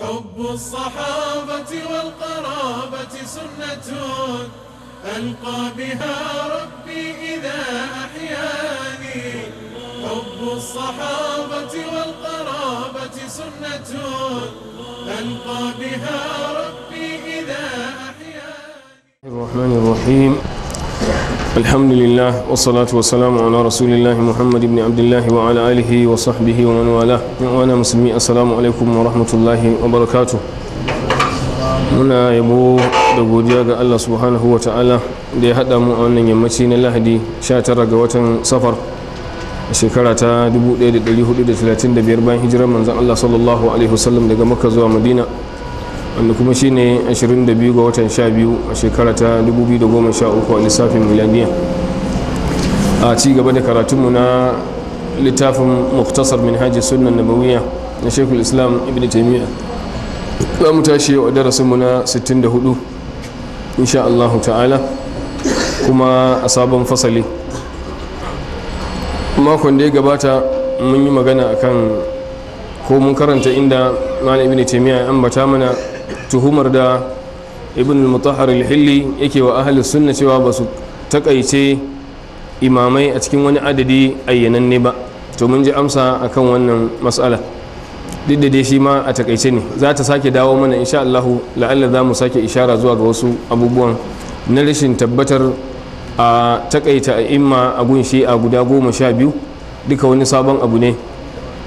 حب الصحابة والقرابة سنة ألقى بها ربي إذا أحياني حب الصحابة والقرابة سنة ألقى بها ربي إذا أحياني الرحمن الرحيم الحمد لله والصلاة والسلام على رسول الله محمد بن عبد الله وعلى آله وصحبه ومن والاه وأنا مسلمي السلام عليكم ورحمة الله وبركاته muna yabo da godiya ga Allah subhanahu wa ta'ala da ya haɗa mu a wannan yammaci na lahadi tara ga watan safar shekara ta 1435 bayan hijirar manzan Allah sallallahu alaihi wasallam daga makka zuwa madina wanda kuma ne 22 ga watan 12 a shekara ta 2013 a lissafin milaniya. a ci gaba da karatunmu na littafin muktasar minhajji sunan bawiya na shekul islam ibn taimiyya za mu tashi yau a darasinmu na 64 insha Allah ta'ala kuma a sabon fasali makon da ya gabata mun yi magana akan ko mun karanta inda malam ibn taimiyya ya ambata mana tuhumar da ibn al-mutahhar al-hilli yake wa ahli sunna cewa ba su takaice imamai a cikin wani adadi ayyananne ba to mun ji amsa akan wannan mas'ala duk da dai shi ma a takaice ne za ta sake dawo mana insha Allahu la'alla za mu sake ishara zuwa ga wasu abubuwan na rashin tabbatar a takaita a imma a gun a guda goma sha biyu duka wani sabon abu ne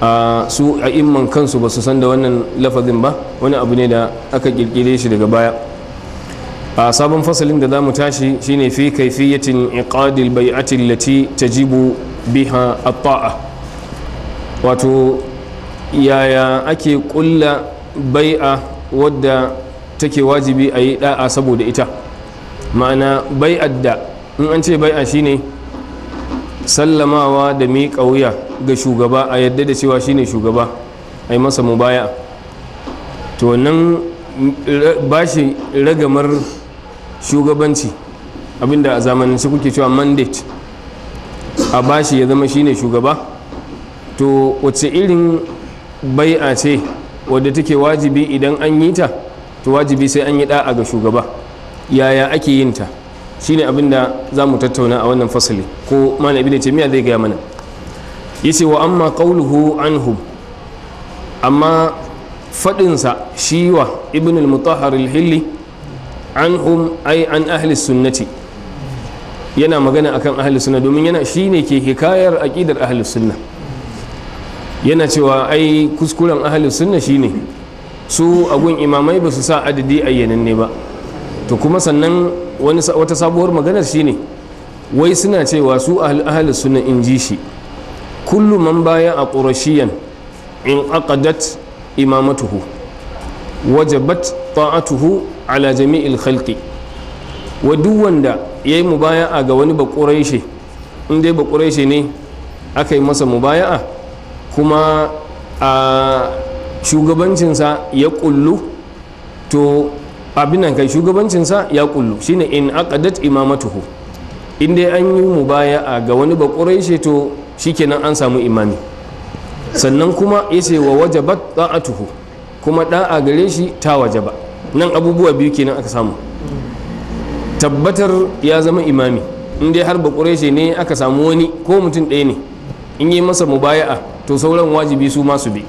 a su a imman kansu ba su san da wannan lafazin ba wani abu ne da aka kirkire shi daga baya a sabon fasalin da za mu tashi shine fi kaifiyatin iqadil bai'ati ta tajibu biha at-ta'a wato yaya ake kulla bai'a wadda take wajibi a yi da'a saboda ita ma'ana bai'ad da in an ce bai'a shine sallamawa da miƙa wuya ga shugaba a yadda da cewa shine shugaba a yi masa baya to nan ba shi ragamar shugabanci abinda a zamanin su kuke cewa mandate a ba shi ya zama shine shugaba to wace irin bai'a ce wadda take wajibi idan an yi ta to wajibi sai an yi da'a ga shugaba yaya ake yin ta shine abinda za mu tattauna a wannan fasali ko mana ce miya zai gaya mana yace wa amma qawluhu anhu amma faɗinsa shiwa ibn al-mutahhar al-hilli anhum ai an ahli sunnati yana magana akan ahli sunna domin yana shine ke hikayar aqidar ahli sunna yana cewa ai kuskuren ahli sunna shine su agun imamai ba su sa adadi ayyananne ba to kuma sannan wata sabuwar maganar shine wai suna cewa su ahli sunna in ji shi kullu man baya a ƙurashiyan in aqadat imamatuhu wajabat ta'atuhu ala jami'il khalqi wa duk wanda yayi mubaya'a ga wani baƙuraishe in dai baƙuraishe ne aka yi masa mubaya'a kuma a shugabancinsa ya kullu to abin nan kai shugabancinsa ya kullu shine in aqadat imamatuhu in dai an yi mubaya'a ga wani baƙuraishe to shikenan an samu imami sannan kuma ya ce wa wajabat tuhu kuma da'a gare shi ta wajaba nan abubuwa biyu kenan aka samu tabbatar ya zama imami in dai har shi ne aka samu wani ko mutum ɗaya ne in yi masa mubaya'a to sauran wajibi su masu bi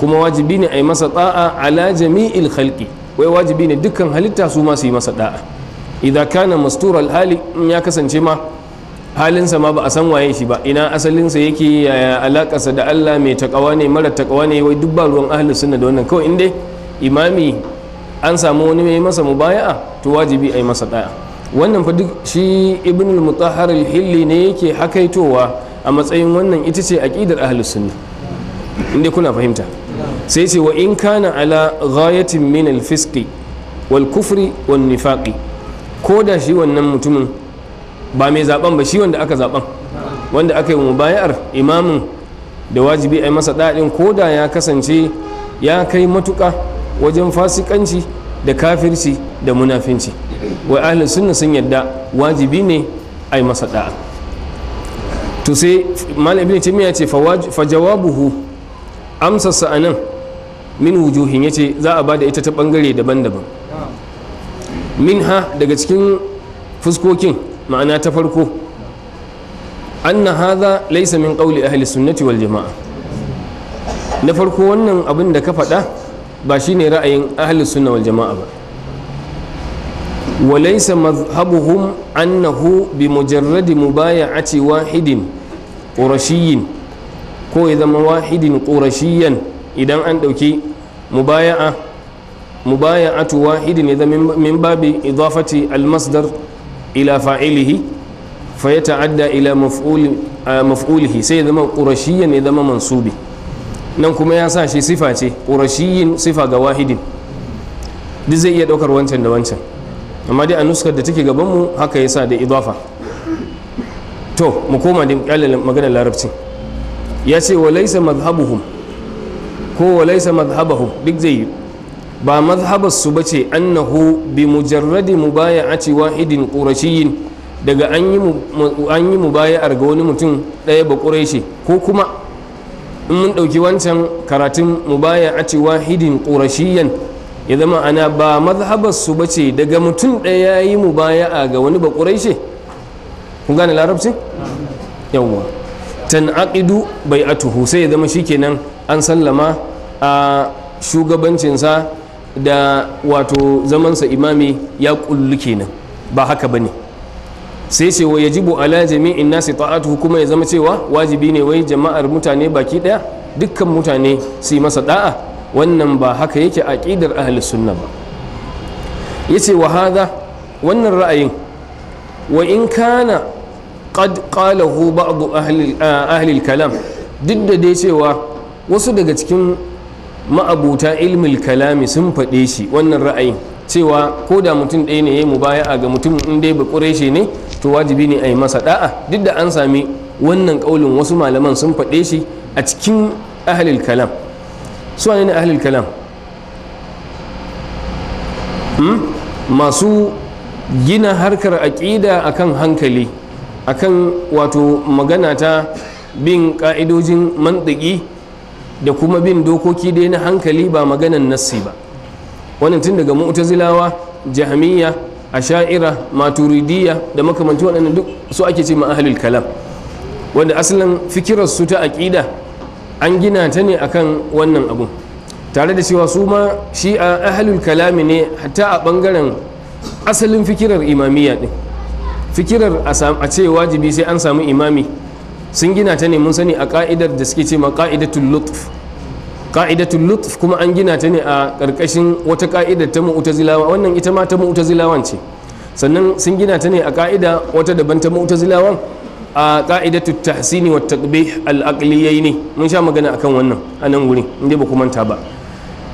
kuma wajibi ne a yi masa da'a ala jami'il khalqi wai wajibi ne dukkan halitta su masu yi masa da'a idza kana mastura hali in ya kasance ma halinsa ma ba a san waye shi ba ina asalinsa yake yaya alakarsa da Allah mai takawa ne mara takawa ne wai duk ba ruwan ahlus sunna da wannan kawai inda imami an samu wani mai masa mubaya'a to wajibi a yi masa daya wannan fa duk shi ibnul mutahhar al-hilli ne yake hakaitowa a matsayin wannan ita ce aqidar ahlus sunna inda kuna fahimta sai ce wa in kana ala ghayatin min al-fisqi wal kufri wan nifaqi ko da shi wannan mutumin ba mai zaben ba shi wanda aka zaben wanda aka yi mubayar imamin da wajibi a yi masa daɗin koda ya kasance ya kai matuka wajen fasikanci da kafirci da munafinci wai ahli sunna sun yadda wajibi ne a yi masa da'a to sai malam ibn taymiya ce fa jawabuhu a nan min wujuhin ce za a ba da ita ta bangare daban-daban min ha daga cikin fuskokin ma'ana ta farko anna hadha laisa min qawli ahli sunnati wal jama'a na farko wannan abin da ka faɗa ba shine ra'ayin ahli sunna wal jama'a ba وليس مذهبهم أنه mujarradi مبايعة واحد قرشي ko ya zama wahidin ƙurashiyan idan an ɗauki mubaya'a mubaya'atu wahidin ya zama min babi idafati almasdar ila fa'ilihi fa ya ta'adda ila maf'ulihi sai ya zama qurashiyyan ya zama mansubi nan kuma ya sa shi sifa ce qurashiyyin sifa ga wahidin duk zai iya daukar wancan da wancan amma dai a nuskar da take gaban mu haka ya sa da idafa to mu koma da maganar larabci ya ce wa laisa madhhabuhum ko wa laisa madhhabahum duk zai yi ba mazhabar su bace annahu bi mujarradi mubaya'ati wahidin qurashiyyin daga an yi mubaya'ar ga wani mutum ɗaya ba quraishi ko kuma in mun ɗauki wancan karatun mubaya'ati wahidin qurashiyyan ya zama ana ba mazhabar su bace daga mutum ɗaya yi mubaya'a ga wani ba quraishi kun gane larabci yawwa tan'aqidu bai'atuhu sai ya zama shikenan an sallama a shugabancinsa da wato zamansa imami ya kullu kenan ba haka ba ne. sai ce wa yajibu ala jami'in nasi ta'atuhu kuma ya zama cewa wajibi ne wai jama'ar mutane baki daya dukkan mutane su masa da'a wannan ba haka yake aqidar ahli sunna ba yace wa hadha wannan ra'ayin wa in kana qad qalahu ba'd ahli ahli kalam duk da dai cewa wasu daga cikin ma'abuta ilmil kalami sun faɗe shi wannan ra'ayin cewa ko da mutum ɗaya ne ya yi a ga mutum in dai ba shi ne to wajibi ne a yi masa ɗa'a duk da an sami wannan ƙaulin wasu malaman sun faɗe shi a cikin ahalil kalam su ne ahalil kalam hmm? masu gina harkar aƙida a kan hankali a kan wato magana ta bin ƙa'idojin mantiki da kuma bin dokoki dai na hankali ba maganan nassi ba wannan tun daga mu'tazilawa jahmiya asha'ira maturidiyya da makamanci waɗannan duk su ake ce ma ahlul kalam wanda asalin fikirar su ta aqida an gina ta ne akan wannan abu tare da cewa su ma shi a ahlul kalami ne hatta a bangaren asalin fikirar imamiyya din fikirar a ce wajibi sai an samu imami sun gina ta ne mun sani a ka'idar da suke ce ma ka'idatul lutf ka'idatul lutf kuma an gina ta ne a ƙarƙashin wata ka'idar ta mu'tazilawa wannan ita ma ta mu'tazilawan ce sannan sun gina ta ne a ka'ida wata daban ta mu'tazilawan a ka'idatul tahsini wata taqbih al ne mun sha magana akan wannan a nan dai inda ba ku manta ba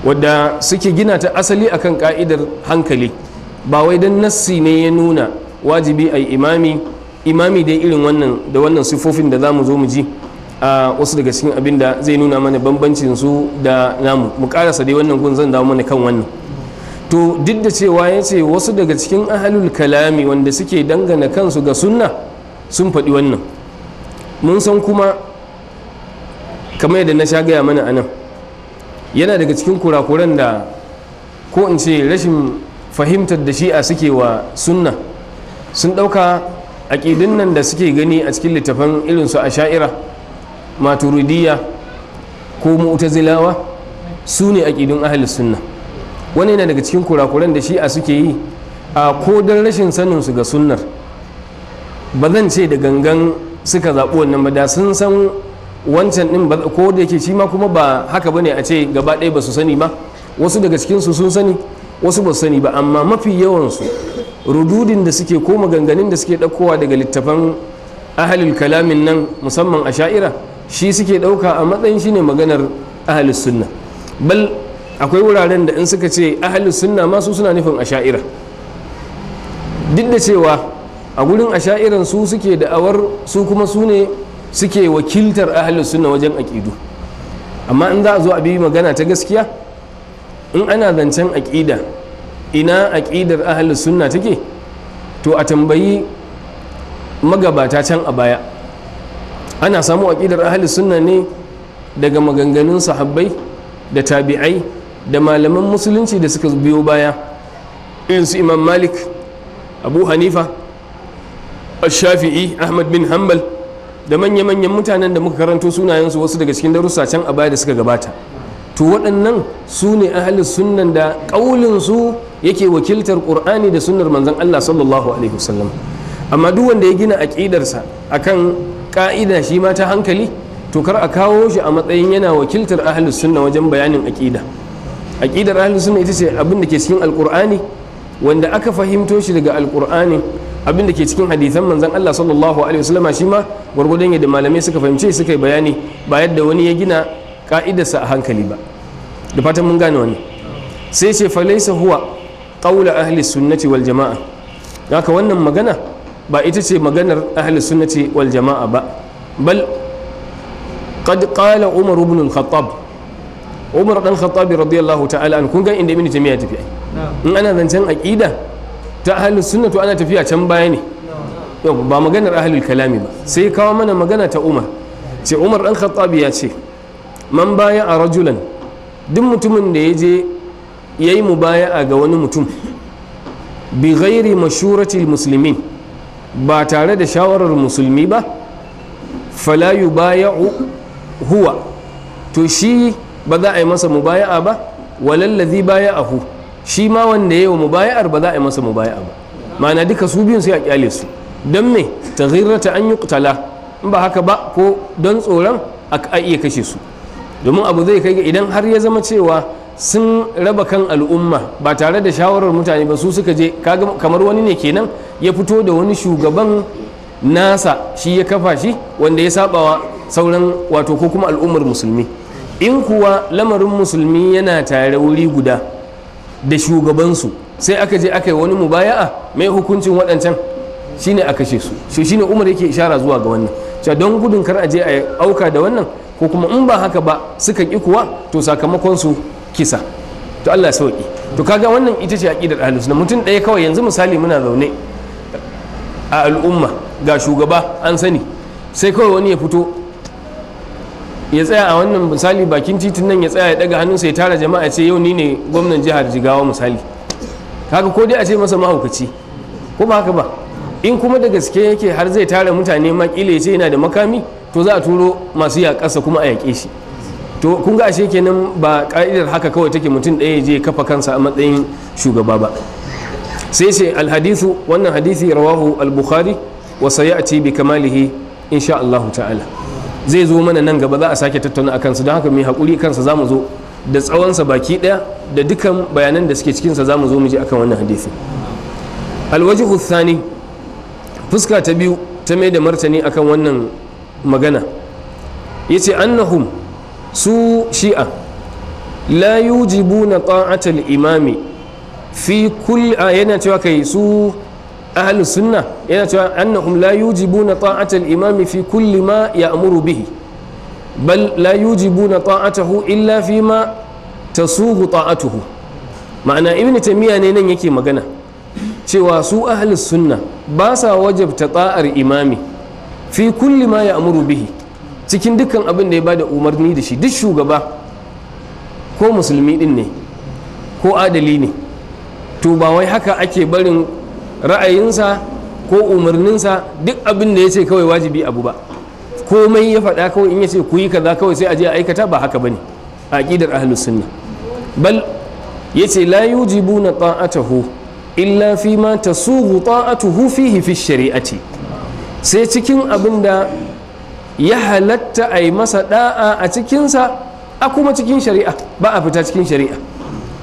wadda suke gina ta asali akan ka'idar hankali ba wai dan nassi ne ya nuna wajibi ai imami imami dai irin wannan da wannan sifofin da zamu zo mu ji a wasu daga cikin abin da zai nuna mana bambancin su da namu mu karasa dai wannan gun zan dawo mana kan wannan to duk da cewa ya ce wasu daga cikin ahalul kalami wanda suke dangana kansu ga sunna sun faɗi wannan mun san kuma kamar yadda na sha gaya mana anan yana daga cikin kurakuran da ko in ce rashin fahimtar da shi'a suke wa sunna sun ɗauka aƙidun nan da suke gani a cikin littafan irinsu a sha'ira maturidiyya ko mu'tazilawa su ne aƙidun ahalis sunna wani yana daga cikin kurakuran da shi a suke yi a ko don rashin saninsu ga sunnar ba zan ce da gangan suka zaɓi wannan ba da sun san wancan ɗin ko da yake shi ma kuma ba haka bane a ce gaba ɗaya ba su sani ba wasu daga cikinsu sun sani wasu ba su sani ba amma mafi yawansu rududin da suke ko maganganun da suke ɗaukowa daga littafan ahalul kalamin nan musamman a sha'ira shi suke ɗauka a matsayin shi ne maganar ahalus sunna bal akwai wuraren da in suka ce ahalus sunna masu suna nufin a sha'ira duk da cewa a gurin a sha'iran su suke da'awar su kuma su ne suke wakiltar ahalus sunna wajen aƙidu amma in za a zo a bi magana ta gaskiya in ana zancen aƙida ina aƙidar ahalus sunna take to a tambayi magabata can a baya ana samu aƙidar ahalus sunna ne daga maganganun sahabbai da tabi'ai da malaman musulunci da suka biyo baya irin su imam malik abu hanifa shafi'i ahmad bin hanbal da manya-manyan mutanen da muka karanto sunayensu wasu daga cikin darussa can a baya da suka gabata to waɗannan su ne ahalin sunnan da ƙaulinsu yake wakiltar qur'ani da sunnar manzon Allah sallallahu alaihi wasallam amma duk wanda ya gina aqidarsa akan ka'ida shi ma ta hankali to kar a kawo shi a matsayin yana wakiltar ahlus sunna wajen bayanin aqida aqidar ahlus sunna ita ce abin da ke cikin alqur'ani wanda aka fahimto shi daga alqur'ani abin da ke cikin hadisan manzon Allah sallallahu alaihi wasallama shi ma gwargwadon yadda malamai suka fahimce suka yi bayani ba yadda wani ya gina ka'idarsa a hankali ba da fatan mun gane wani sai ce falaisa huwa ƙaula ahli sunnati wal jama'a haka wannan magana ba ita ce maganar ahli sunnati wal jama'a ba bal qad qala umar ibn al-khattab umar dan khattabi radiyallahu ta'ala an kun ga inda ibn jami'a tafi in ana zancen aqida ta ahli sunnatu ana tafiya can baya ne ba maganar ahli kalami ba sai kawo mana magana ta umar ce umar dan khattabi ya ce man baya a rajulan duk mutumin da ya je ya yi mubaya'a ga wani mutum bi ghairi mashuratil musulmin ba tare da shawarar musulmi ba fala yubaya'u huwa to shi ba za a yi masa mubaya'a ba walallazi hu shi ma wanda ya yi wa mubaya'ar ba za a yi masa mubaya'a ba ma'ana duka su biyun sai a kyale su don me ta ghirrata an kutala in ba haka ba ko don tsoron a iya kashe su domin abu zai kai idan har ya zama cewa sun raba kan al'umma ba tare da shawarar mutane ba su suka je kamar wani ne kenan ya fito da wani shugaban nasa shi ya kafa shi wanda ya sabawa sauran wato ko kuma al'ummar musulmi in kuwa lamarin musulmi yana tare wuri guda da shugabansu sai aka je aka yi wani mubaya'a mai hukuncin waɗancan shine a kashe su shi ne umar yake ishara zuwa ga wannan cewa don gudun kar a je a auka da wannan ko kuma in ba haka ba suka ki kuwa to sakamakonsu. kisa to Allah sauki to kaga wannan ita ce aqidar ahlus sunna mutum ɗaya kawai yanzu misali muna zaune a al'umma ga shugaba an sani sai kawai wani ya fito ya tsaya a wannan misali bakin titin nan ya tsaya ya daga hannunsa ya tara jama'a ce yau ni ne gwamnan jihar jigawa misali kaga ko dai a ce masa mahaukaci ko ba haka ba in kuma da gaske yake har zai tara mutane makile ya ce yana da makami to za a turo masu yaƙasa kuma a yaƙe shi to kun ga ashe kenan ba ka'idar haka kawai take mutum ɗaya je kafa kansa a matsayin shugaba ba sai ce alhadisu wannan hadisi rawahu al-bukhari wa sayati bi kamalihi insha Allah ta'ala zai zo mana nan gaba za a sake tattauna akan su don haka mai hakuri kansa zamu zo da tsawonsa baki daya da dukan bayanan da suke cikinsa zamu zo mu je akan wannan hadisi alwajihu thani fuska ta biyu ta mai da martani akan wannan magana yace annahum su shi'a la na ta'atal imami fi kulli yana cewa kai su ahlus sunna yana cewa annahum la yujibuna ta'atal imami fi kulli ma ya'muru bihi bal la na ta'atahu illa fi ma tasuhu ta'atuhu ma'ana ibn tamiya ne nan yake magana cewa su ahlus sunna ba sa wajabta ta'ar imami fi kulli ma ya'muru bihi cikin dukkan abin da ya bada umarni da shi duk shugaba ko musulmi din ne ko adali ne to ba wai haka ake barin ra'ayinsa ko umarninsa duk abin da ya ce kawai wajibi abu ba komai ya faɗa kawai in ya ce ku yi kaza kawai sai a je a aikata ba haka bane a aqidar ahlus sunna bal yace la yujibuna ta'atahu illa fi ma tasughu ta'atuhu fihi fi shari'ati sai cikin abin da ya halatta a yi masa da'a a cikinsa a kuma cikin shari'a ba a fita cikin shari'a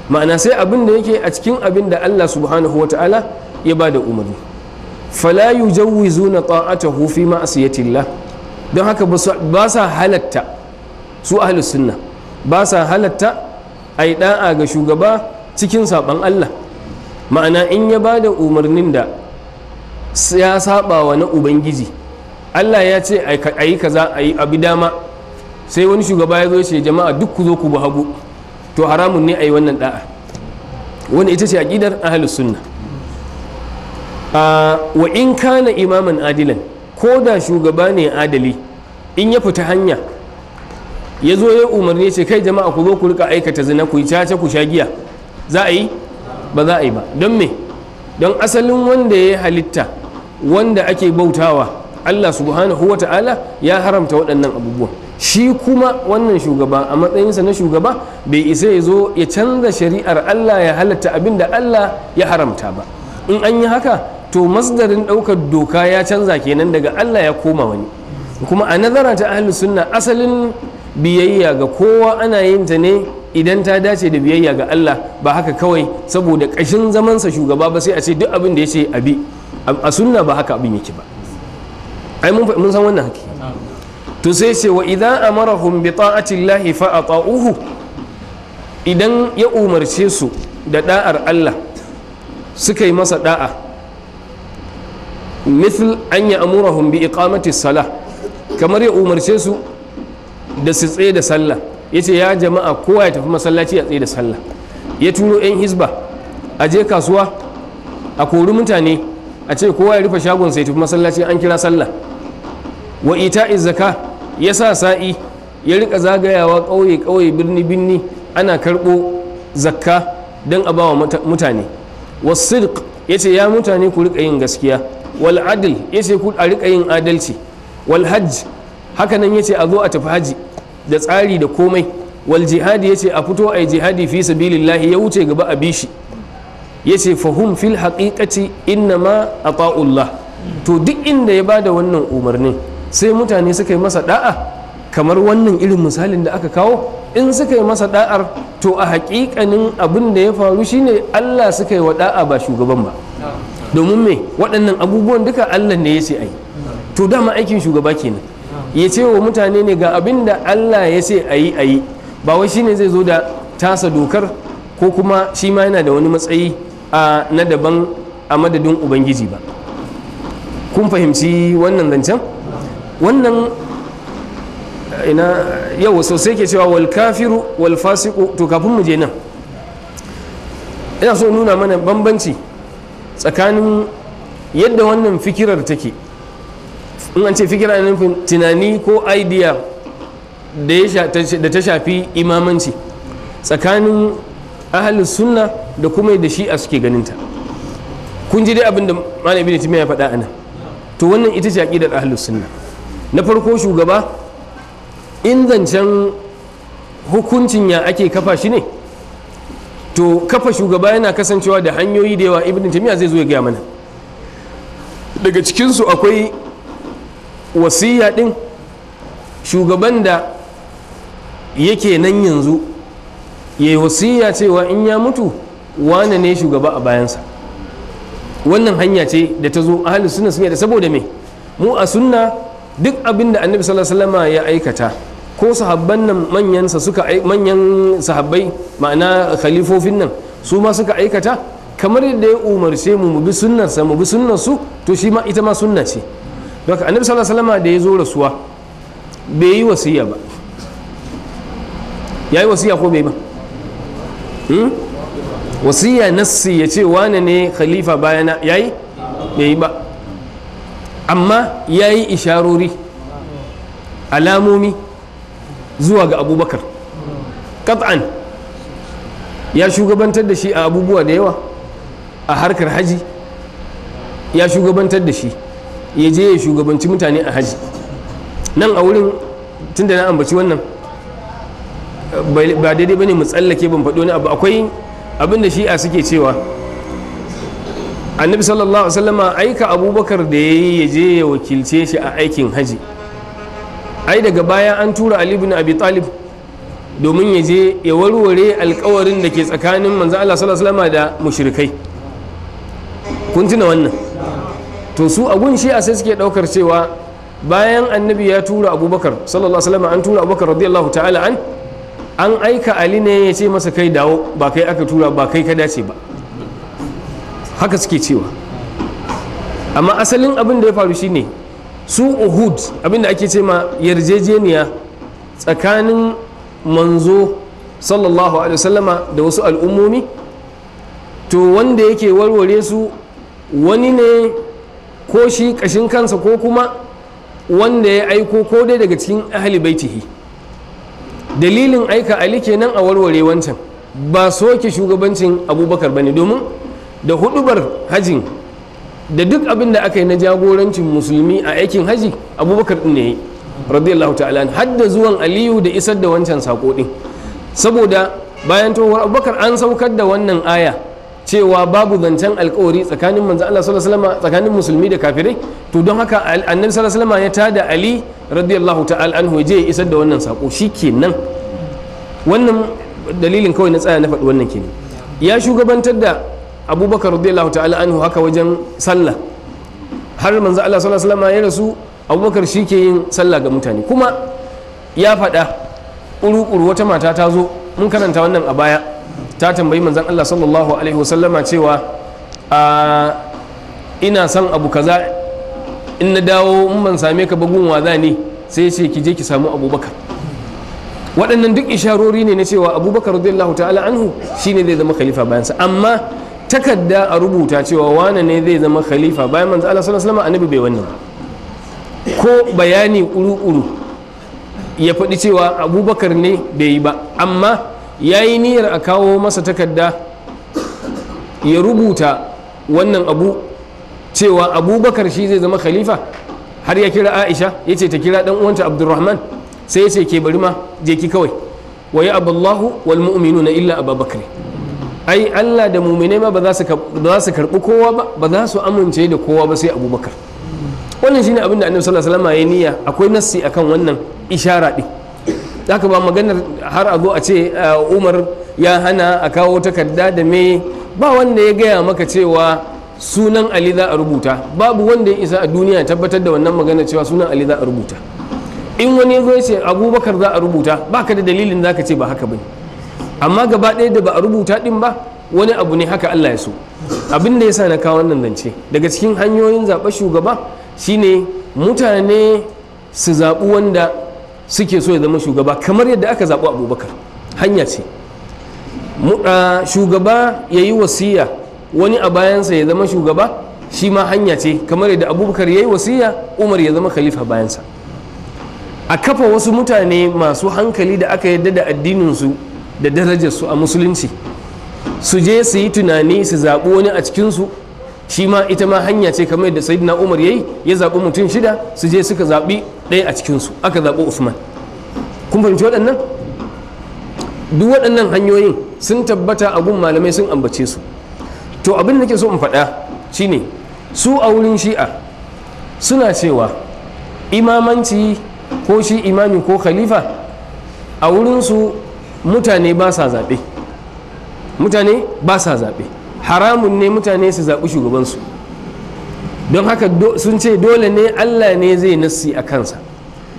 ma'ana sai abin da yake a cikin abin da Allah subhanahu ta'ala ya ba da umarni fala ma a siya tilla don haka ba sa halatta su ahlus sunna ba sa halatta a yi da'a ga shugaba cikin saban Allah ma'ana in ya ba da umarnin da ya saba wa na ubangiji Allah ya ce a yi kaza a yi abi dama sai wani shugaba ya zo ya ce jama'a duk ku zo ku bu hagu to haramun ne a yi wannan da'a wani ita ce a aqidar ahlus sunna wa in kana imaman adilan ko da shugaba ne adali in ya fita hanya ya zo ya umarni ce kai jama'a ku zo ku rika aikata zina ku yi caca ku sha giya za a yi ba za a yi ba don me don asalin wanda ya halitta wanda ake bautawa Allah subhanahu wa ta'ala ya haramta waɗannan abubuwan shi kuma wannan shugaba a matsayinsa na shugaba bai isa ya zo ya canza shari'ar Allah ya halatta abin da Allah ya haramta ba in an yi haka to masdarin ɗaukar doka ya canza kenan daga Allah ya koma wani kuma a nazara ta ahli sunna asalin biyayya ga kowa ana yin ta ne idan ta dace da biyayya ga Allah ba haka kawai saboda ƙashin zamansa shugaba ba sai a ce duk abin da ya ce abi a sunna ba haka abin yake ba ai mun san wannan haƙi to sai ce wa idan amarahum bi lahi fa ata'uhu idan ya umarce su da da'ar Allah suka yi masa da'a mithl an ya amurahum bi iqamati salah kamar ya umarce su da su tsaye da sallah yace ya jama'a kowa ya tafi masallaci a tsaye da sallah ya turo 'yan hisba a je kasuwa a kori mutane a ce kowa ya rufe shagon sai tafi masallaci an kira sallah wa ita'i zaka ya sa sa'i ya rika zagayawa ƙauye ƙauye birni birni ana karɓo zakka don a bawa mutane wasidq ya ce ya mutane ku rika yin gaskiya wal ya ce ku a rika yin adalci wal hajj haka nan ya ce a zo a tafi haji da tsari da komai wal jihadi ya ce a fito a yi jihadi fi sabilillahi ya wuce gaba a bishi ya ce fahim fil haƙiƙaci inna ma a to duk inda ya bada wannan umarnin sai mutane suka yi masa da'a kamar wannan irin misalin da aka kawo in suka yi masa da'ar to a hakikanin abin da ya faru shine Allah suka yi wa da'a ba shugaban ba domin me waɗannan abubuwan duka Allah ne ya ce ai to dama aikin shugaba kenan ya ce wa mutane ne ga abin da Allah ya ce ayi ayi ba wai shine zai zo da tasa dokar ko kuma shi ma yana da wani matsayi a na daban a madadin ubangiji ba kun fahimci wannan zancen wannan ina yau sosai ke cewa wal kafiru wal fasiku to kafin mu je nan ina so nuna mana bambanci tsakanin yadda wannan fikirar take in an ce fikira na nufin tunani ko idea da ta shafi imamanci tsakanin ahalin sunna da kuma da shi a suke ganinta kun ji dai abin da malam ibn ya faɗa a nan to wannan ita ce aqidar ahlus sunna na farko shugaba in zancen hukuncin ya ake kafa shi ne to kafa shugaba yana kasancewa da hanyoyi da yawa ibn tamiya zai zo ya gaya mana daga cikinsu akwai wasiya din shugaban da yake nan yanzu ya yi wasiya cewa in ya mutu wane ne shugaba a bayansa wannan hanya ce da ta zo ahalin suna suna da saboda me mu a sunna duk abin da annabi sallallahu alaihi wasallam ya aikata ko sahabban nan sa suka manyan sahabbai ma'ana khalifofin nan su ma suka aikata kamar yadda ya umarce mu mu bi sa mu bi sunnarsu to shi ma ita ma sunna ce don annabi sallallahu alaihi wasallam da ya zo rasuwa bai yi wasiya ba ya yi wasiya ko bai ba hmm? wasiya nassi ya ce wane ne khalifa bayana ya yi bai yi ba amma ya yi isharori alamomi zuwa ga abubakar kat'an ya shugabantar da shi a abubuwa da yawa a harkar haji ya shugabantar da shi ya je ya shugabanci mutane a haji nan a wurin tun da na ambaci wannan ba daidai ba ne mu tsallake ban faɗo ni abu akwai abin da a suke cewa annabi sallallahu alaihi wasallama aika abubakar da ya yi ya je ya wakilce shi a aikin haji ai daga baya an tura ali bin abi talib domin ya je ya warware alkawarin da ke tsakanin manzo Allah sallallahu alaihi da mushrikai kun tuna wannan to su a shi a sai suke daukar cewa bayan annabi ya tura abubakar sallallahu alaihi wasallama an tura abubakar radiyallahu ta'ala an an aika ali ne ya ce masa kai dawo ba kai aka tura ba kai ka dace ba haka suke cewa amma asalin abin da ya faru shi ne su uhud abin da ake ce ma yarjejeniya tsakanin manzo sallallahu alaihi wasallama da wasu al'ummomi to wanda yake warware su wani ne ko shi kashin kansa ko kuma wanda ya aiko ko dai daga cikin ahli baitihi dalilin aika ali kenan a warware wancan ba soke shugabancin abubakar bane domin da hudubar hajin da duk abin da aka yi na jagorancin musulmi a aikin haji abubakar din ne radiyallahu ta'ala har da zuwan aliyu da isar da wancan sako din saboda bayan towar abubakar an saukar da wannan aya cewa babu zancen alkawari tsakanin manzo Allah sallallahu alaihi wasallam tsakanin musulmi da kafirai to don haka annabi sallallahu alaihi wasallam ya tada ali radiyallahu ta'ala anhu je ya isar da wannan sako shikenan wannan dalilin kawai na tsaya na faɗi wannan kenan ya shugabantar da abubakar radiyallahu ta'ala anhu haka wajen sallah har manzo Allah sallallahu alaihi wasallam ya rasu abubakar shi ke yin sallah ga mutane kuma ya faɗa ƙuru wata mata ta zo mun karanta wannan a baya ta tambayi manzon Allah sallallahu alaihi cewa a ina son abu kaza in na dawo in ban same ka bugun waza ne sai ce ki je ki samu abubakar waɗannan duk isharori ne na cewa abubakar radiyallahu ta'ala anhu shine zai zama khalifa bayansa amma takarda a rubuta cewa wane ne zai zama khalifa bayan manzo Allah sallallahu alaihi wasallam bai wannan ko bayani kuru-kuru ya faɗi cewa abubakar ne bai yi ba amma ya yi niyyar a kawo masa takarda ya rubuta wannan abu cewa abubakar shi zai zama khalifa har ya kira aisha ya ce ta kira uwanta abdulrahman sai ya ce ke bari ma je ki kawai wa ya aballahu wal na illa abubakar ai Allah da muminai ma ba za su karɓi kowa ba ba za su amince da kowa ba sai abubakar wannan shine abin da annabi sallallahu alaihi wasallam ya niyya akwai nassi akan wannan ishara din zaka ba maganar har a zo a ce ah, Umar ya hana a kawo takarda da me ba wanda ya gaya maka cewa sunan Ali za a rubuta babu wanda ya isa a duniya tabbatar da wannan magana cewa sunan Ali za a rubuta in wani ya zo ya ce Abubakar za a rubuta baka da dalilin zaka ce ba haka bane amma gaba ɗaya da ba a rubuta ɗin ba wani abu ne haka Allah ya so abin da ya sa na kawo wannan zance daga cikin hanyoyin zaɓar shugaba shine mutane su zaɓi wanda suke so ya zama shugaba kamar yadda aka zaɓi abubakar hanya ce shugaba ya yi wasiya wani a bayansa ya zama shugaba shi ma hanya ce kamar yadda abubakar ya yi wasiya umar ya zama khalifa bayansa a kafa wasu mutane masu hankali da aka yadda da addininsu da darajar su a musulunci su je su yi tunani su zaɓi wani a cikinsu shi ma ita ma hanya ce kamar yadda sayyidina umar yi ya zaɓi mutum shida su je suka zaɓi ɗaya a cikinsu aka zaɓi usman kun fahimci waɗannan duk waɗannan hanyoyin sun tabbata a gun malamai sun ambace su to abin da nake so in faɗa shine su a wurin shi'a suna cewa imamanci ko shi imami ko khalifa a wurinsu mutane ba sa zaɓe mutane ba sa zaɓe haramun ne mutane su zaɓi shugabansu don haka sun ce dole ne allah ne zai nassi a kansa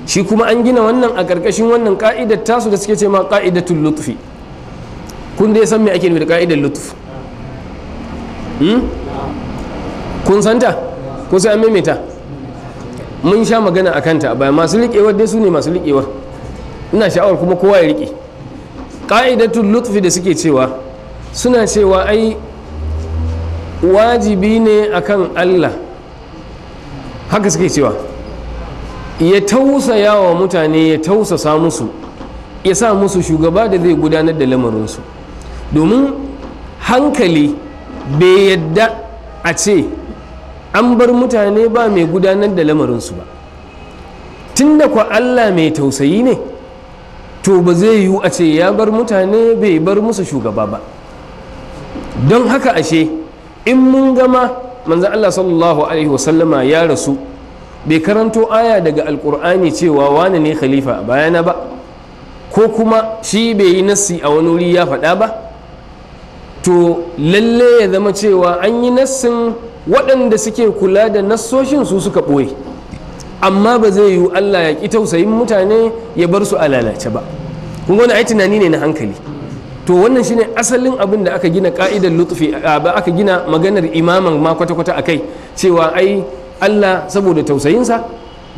shi kuma an gina wannan a ƙarƙashin wannan ƙa'idar tasu da suke ce ma ƙa'idatul lutfi kun dai san me ake nufi da ƙa'idar lutf hmm? kun santa ko sai an maimaita mun sha magana a kanta a bayan masu liƙewar dai su ne masu liƙewar ina sha'awar kuma kowa ya riƙe ƙa'idatun lutfi da suke cewa suna cewa ai wajibi ne akan allah haka suke cewa ya tausaya wa mutane ya tausasa musu ya sa musu shugaba da zai gudanar da lamarinsu domin hankali bai yadda a ce an bar mutane ba mai gudanar da lamarinsu ba tun da kwa allah mai tausayi ne to ba zai yiwu a ce ya bar mutane bai bar musu shugaba ba don haka ashe in mun gama manzan Allah sallallahu alaihi wasallama ya rasu bai karanto aya daga alkur'ani cewa wani ne khalifa a bayana ba ko kuma shi bai yi nassi a wani wuri ya faɗa ba to lalle ya zama cewa an yi nassin waɗanda suke kula da nassoshin su suka ɓoye amma ba zai yiwu Allah ya ƙi tausayin mutane ya bar su a lalace ba kun wani ai tunani ne na hankali to wannan shine asalin abin da aka gina ka'idar lutfi aka gina maganar imaman ma kwata-kwata akai cewa ai Allah saboda tausayin sa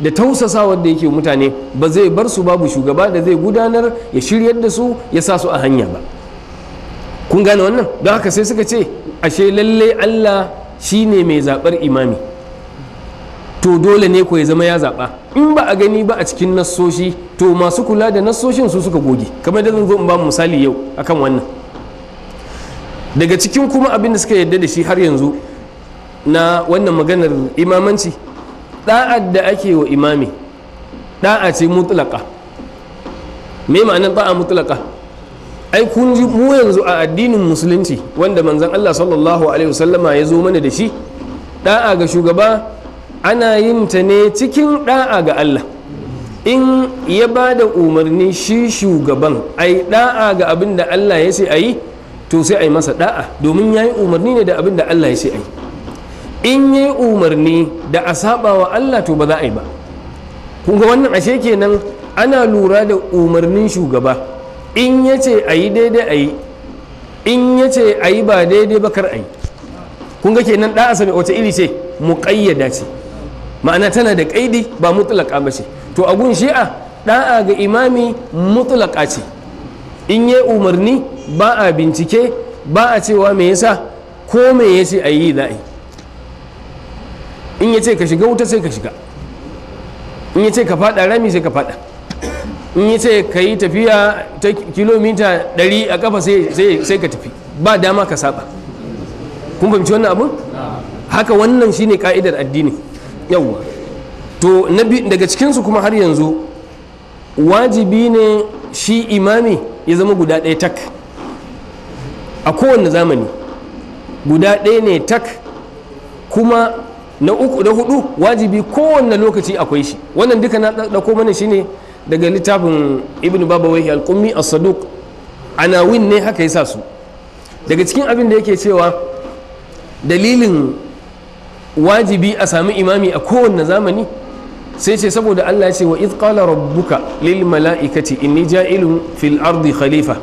da tausasa wanda yake mutane ba zai bar su babu shugaba da zai gudanar ya shiryar da su ya sa su a hanya ba kun gane wannan don haka sai suka ce ashe lalle Allah shine mai zabar imami to dole ne ko ya zama ya zaɓa in ba a gani ba a cikin nassoshi to masu kula da nassoshin su suka goge kamar da zan zo in ba misali yau akan wannan daga cikin kuma abin da suka yarda da shi har yanzu na wannan maganar imamanci da'ad da ake wa imami da'a ce mutlaka me ma'anar da'a mutlaka ai kun ji mu yanzu a addinin musulunci wanda manzon Allah sallallahu alaihi wasallama ya zo mana da shi da'a ga shugaba ana yin ta ne cikin da'a ga Allah in ya ba da umarni shi shugaban ai da'a ga abin da Allah ya ce a yi to sai a yi masa da'a domin ya yi umarni ne da abin da Allah ya ce a yi in ya yi umarni da a saba wa Allah to ba za a yi ba kun wannan ashe kenan ana lura da umarnin shugaba in ya ce a yi daidai a yi in ya ce a yi ba daidai ba kar a yi kun ga kenan da'a sami wata iri ce muƙayyada ce ma'ana tana da kaidi ba mutlaka ba ce to a gun shi'a da'a ga imami mutlaka ce in yi umarni ba a bincike ba a cewa me yasa ko me ya ce a yi za'i in ya ce ka shiga wuta sai ka shiga in ya ce ka fada rami sai ka fada in ya ce ka yi tafiya ta kilomita 100 a kafa sai ka tafi ba dama ka saba kun fahimci wannan abun haka wannan shine ka'idar addini yawwa to daga cikinsu kuma har yanzu wajibi ne shi imami ya zama guda ɗaya tak a kowane zamani guda ɗaya ne tak kuma na uku da hudu wajibi kowane lokaci akwai shi wannan duka na ɗauko mana shine daga littafin ibn babawai al-qummi as-saduq anawin ne haka yasa su daga cikin abin da yake cewa dalilin wajibi a sami imami a kowane zamani sai ce saboda Allah ya ce wa iz qala rabbuka lil mala'ikati inni ja'ilun fil ardi khalifa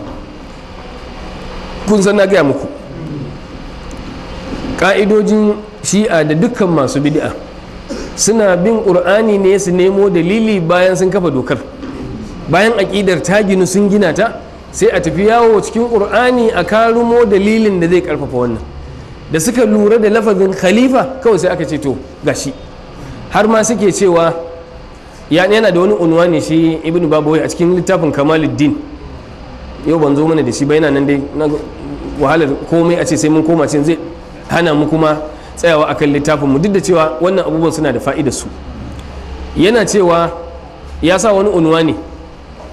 kun san na gaya muku ka'idojin shi'a da dukkan masu bid'a suna bin qur'ani ne su nemo dalili bayan sun kafa dokar bayan aƙidar ta ginu sun gina ta sai a tafi yawo cikin qur'ani a karumo dalilin da zai karfafa wannan da suka lura da lafazin khalifa kawai sai aka ce to gashi har ma suke cewa ya yana da wani unwani shi ibn babawai a cikin littafin kamaluddin yau ban zo mana da shi ba yana nan dai wahalar komai a ce sai mun koma cin zai hana mu kuma tsayawa a littafin mu duk da cewa wannan abubuwan suna da fa'idar su yana cewa ya sa wani unwani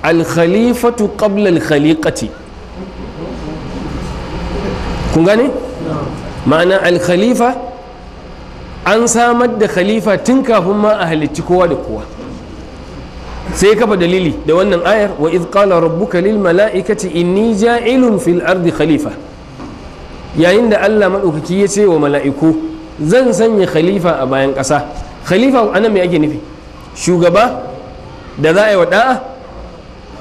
al-khalifatu qabla al-khaliqati kun gane ma'ana alkhalifa an samar da khalifa tun kafin ma a halicci kowa da kowa sai kafa dalili da wannan ayar wa iz qala rabbuka lil mala'ikati inni ja'ilun fil ardi khalifa yayin da Allah madaukaki ya ce wa mala'iku zan sanya khalifa a bayan ƙasa khalifa anan me ake nufi shugaba da za a yi wa da'a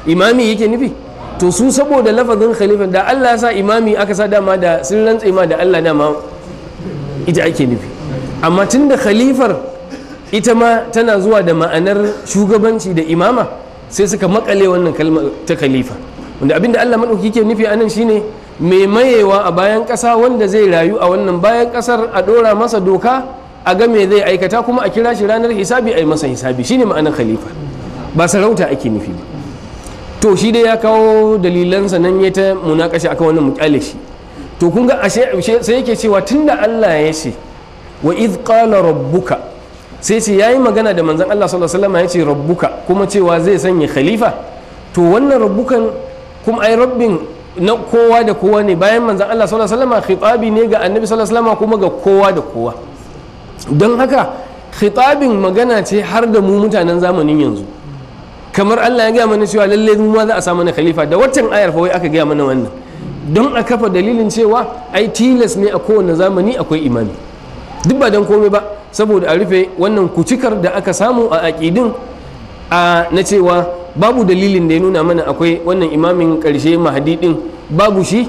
imami yake nufi to su saboda lafazin Khalifa da Allah ya sa imami aka sa dama da sun rantse ma da Allah dama ita ake nufi amma tunda khalifar ita ma tana zuwa da ma'anar shugabanci da imama sai suka makale wannan kalma ta khalifa wanda da Allah madauki ke nufi anan shine mai mayewa a bayan ƙasa wanda zai rayu a wannan bayan ƙasar a ɗora masa doka a ga me zai aikata kuma a kira shi ranar hisabi a yi masa hisabi shine ma'anar khalifa ba sarauta ake nufi ba to shi dai ya kawo dalilansa nan ya ta munakashi akan wannan mukalle shi to kun ga ashe sai yake cewa tunda Allah ya ce wa iz qala rabbuka sai ce yayi magana da manzon Allah sallallahu alaihi wasallam ya ce rabbuka kuma cewa zai sanya khalifa to wannan rabbukan kuma ai rabbin na kowa da kowa ne bayan manzon Allah sallallahu alaihi wasallam khitabi ne ga annabi sallallahu alaihi wasallam kuma ga kowa da kowa don haka khitabin magana ce har da mu mutanen zamanin yanzu kamar Allah ya gaya mana cewa lalle mu ma za a samu na khalifa da watan ayar fa wai aka gaya mana wannan don a kafa dalilin cewa ai tilas ne a kowane zamani akwai imami duk ba don komai ba saboda a rufe wannan kucikar da aka samu a aƙidin a na cewa babu dalilin da ya nuna mana akwai wannan imamin karshe mahadi din babu shi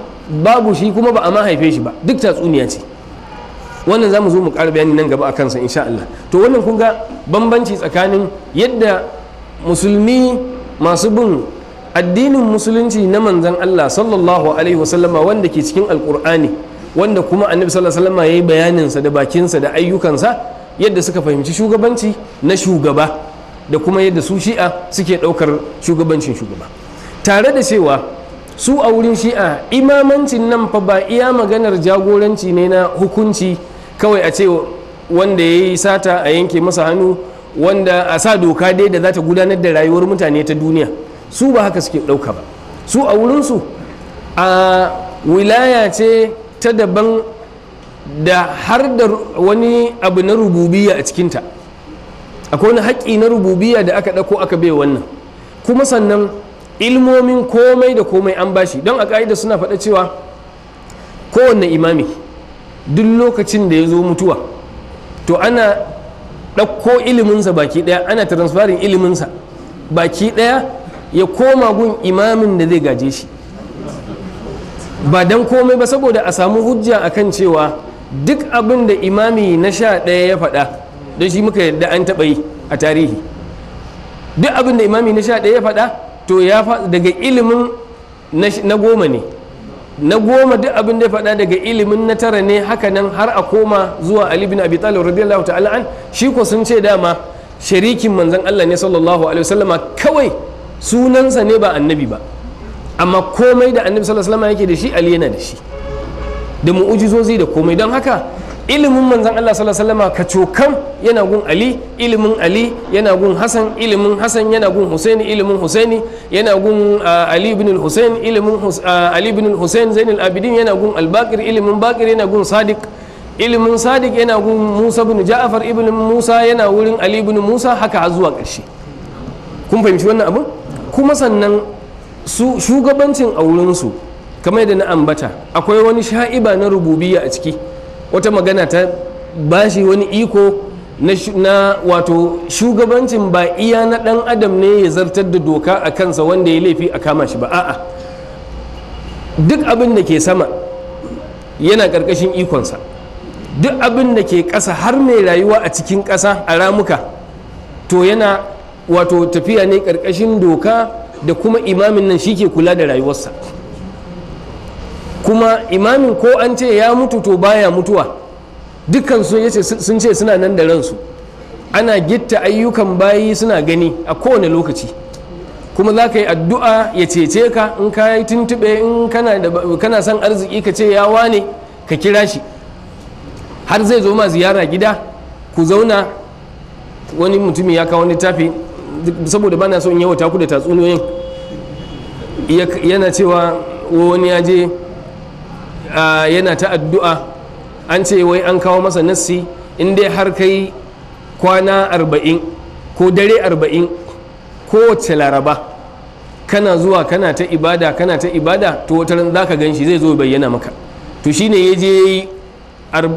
babu shi kuma ba a ma haife shi ba duk tatsuniya ce wannan za mu zo mu ƙara bayani nan gaba a kansa insha Allah to wannan kun ga bambanci tsakanin yadda musulmi masu bin addinin musulunci na manzan Allah sallallahu alaihi wasallama wanda ke cikin alkur'ani wanda kuma annabi sallallahu alaihi wasallama yayi bayaninsa da bakinsa da ayyukansa yadda suka fahimci shugabanci na shugaba da kuma yadda su shi'a suke ɗaukar shugabancin shugaba tare da cewa su a wurin shi'a imamancin nan fa ba iya maganar jagoranci ne na hukunci kawai a ce wanda ya yi sata a yanke masa hannu wanda a sa doka dai da za ta gudanar da rayuwar mutane ta duniya su ba haka suke ɗauka ba su a wurinsu a wilaya ce ta daban da har da wani abu na rububiya a cikinta akwai wani haƙƙi na rububiya da aka ɗauko aka bai wannan kuma sannan ilmomin komai da komai an bashi don a ƙa'ida suna faɗa cewa kowanne imami duk lokacin da ya zo mutuwa to ana ɗauko iliminsa baki ɗaya ana transferin iliminsa baki ɗaya ya koma gun imamin da zai gaje shi ba don komai ba saboda a samu hujja akan cewa duk abin da imami na sha ɗaya ya faɗa don shi muka yadda an taɓa yi a tarihi duk abin da imami na sha ɗaya ya faɗa to ya daga ilimin na goma ne na goma duk abin da ya faɗa daga ilimin na tara ne haka nan har a koma zuwa ali bin abi talib radiyallahu ta'ala an shi ko sun ce dama sharikin manzon Allah ne sallallahu alaihi wasallama kawai sunansa ne ba annabi ba amma komai da annabi sallallahu alaihi wasallama yake da shi ali yana da shi da mu'ujizozi da komai don haka ilimin manzan Allah sallallahu alaihi wasallam kacokan yana gun Ali ilimin Ali yana gun Hassan ilimin Hassan yana gun Husaini ilimin Husaini yana gun uh, Ali ibn Husain ilimin uh, Ali ibn Husain al Abidin yana gun Al-Baqir ilimin Baqir yana gun Sadiq ilimin Sadiq yana gun Musa ibn Ja'far ibn Musa yana wurin Ali ibn Musa haka har zuwa ƙarshe kun fahimci wannan abu kuma sannan su shugabancin aurensu kamar yadda na ambata akwai wani sha'iba na rububiyya a ciki wata magana ta ba shi wani iko na wato shugabancin ba iya na ɗan adam ne ya zartar da doka a kansa wanda ya laifi a kama shi ba a'a duk abin da ke sama yana ƙarƙashin ikonsa duk abin da ke ƙasa har mai rayuwa a cikin ƙasa a ramuka to yana wato tafiya ne ƙarƙashin doka da kuma imamin nan shi ke kula da rayuwarsa kuma imamin ko an ce ya mutu to baya mutuwa dukkan sun ce suna nan da ransu ana gitta ayyukan bayi suna gani a kowane lokaci kuma za ka yi addu'a ya cece ka in ka yi tuntuɓe in kana son arziki ka ce ya wane ka kira shi har zai zo ma ziyara gida ku zauna wani mutumi ya kawo littafi saboda bana so in yawata ku da tatsuniyoyin yana cewa wani ya je yana ta addu'a an ce wai an kawo masa nassi in dai har kai kwana arba'in ko dare arba'in kowace laraba kana zuwa kana ta ibada kana ta ibada to wata ran ka gan shi zai zo bayyana maka to shine ya je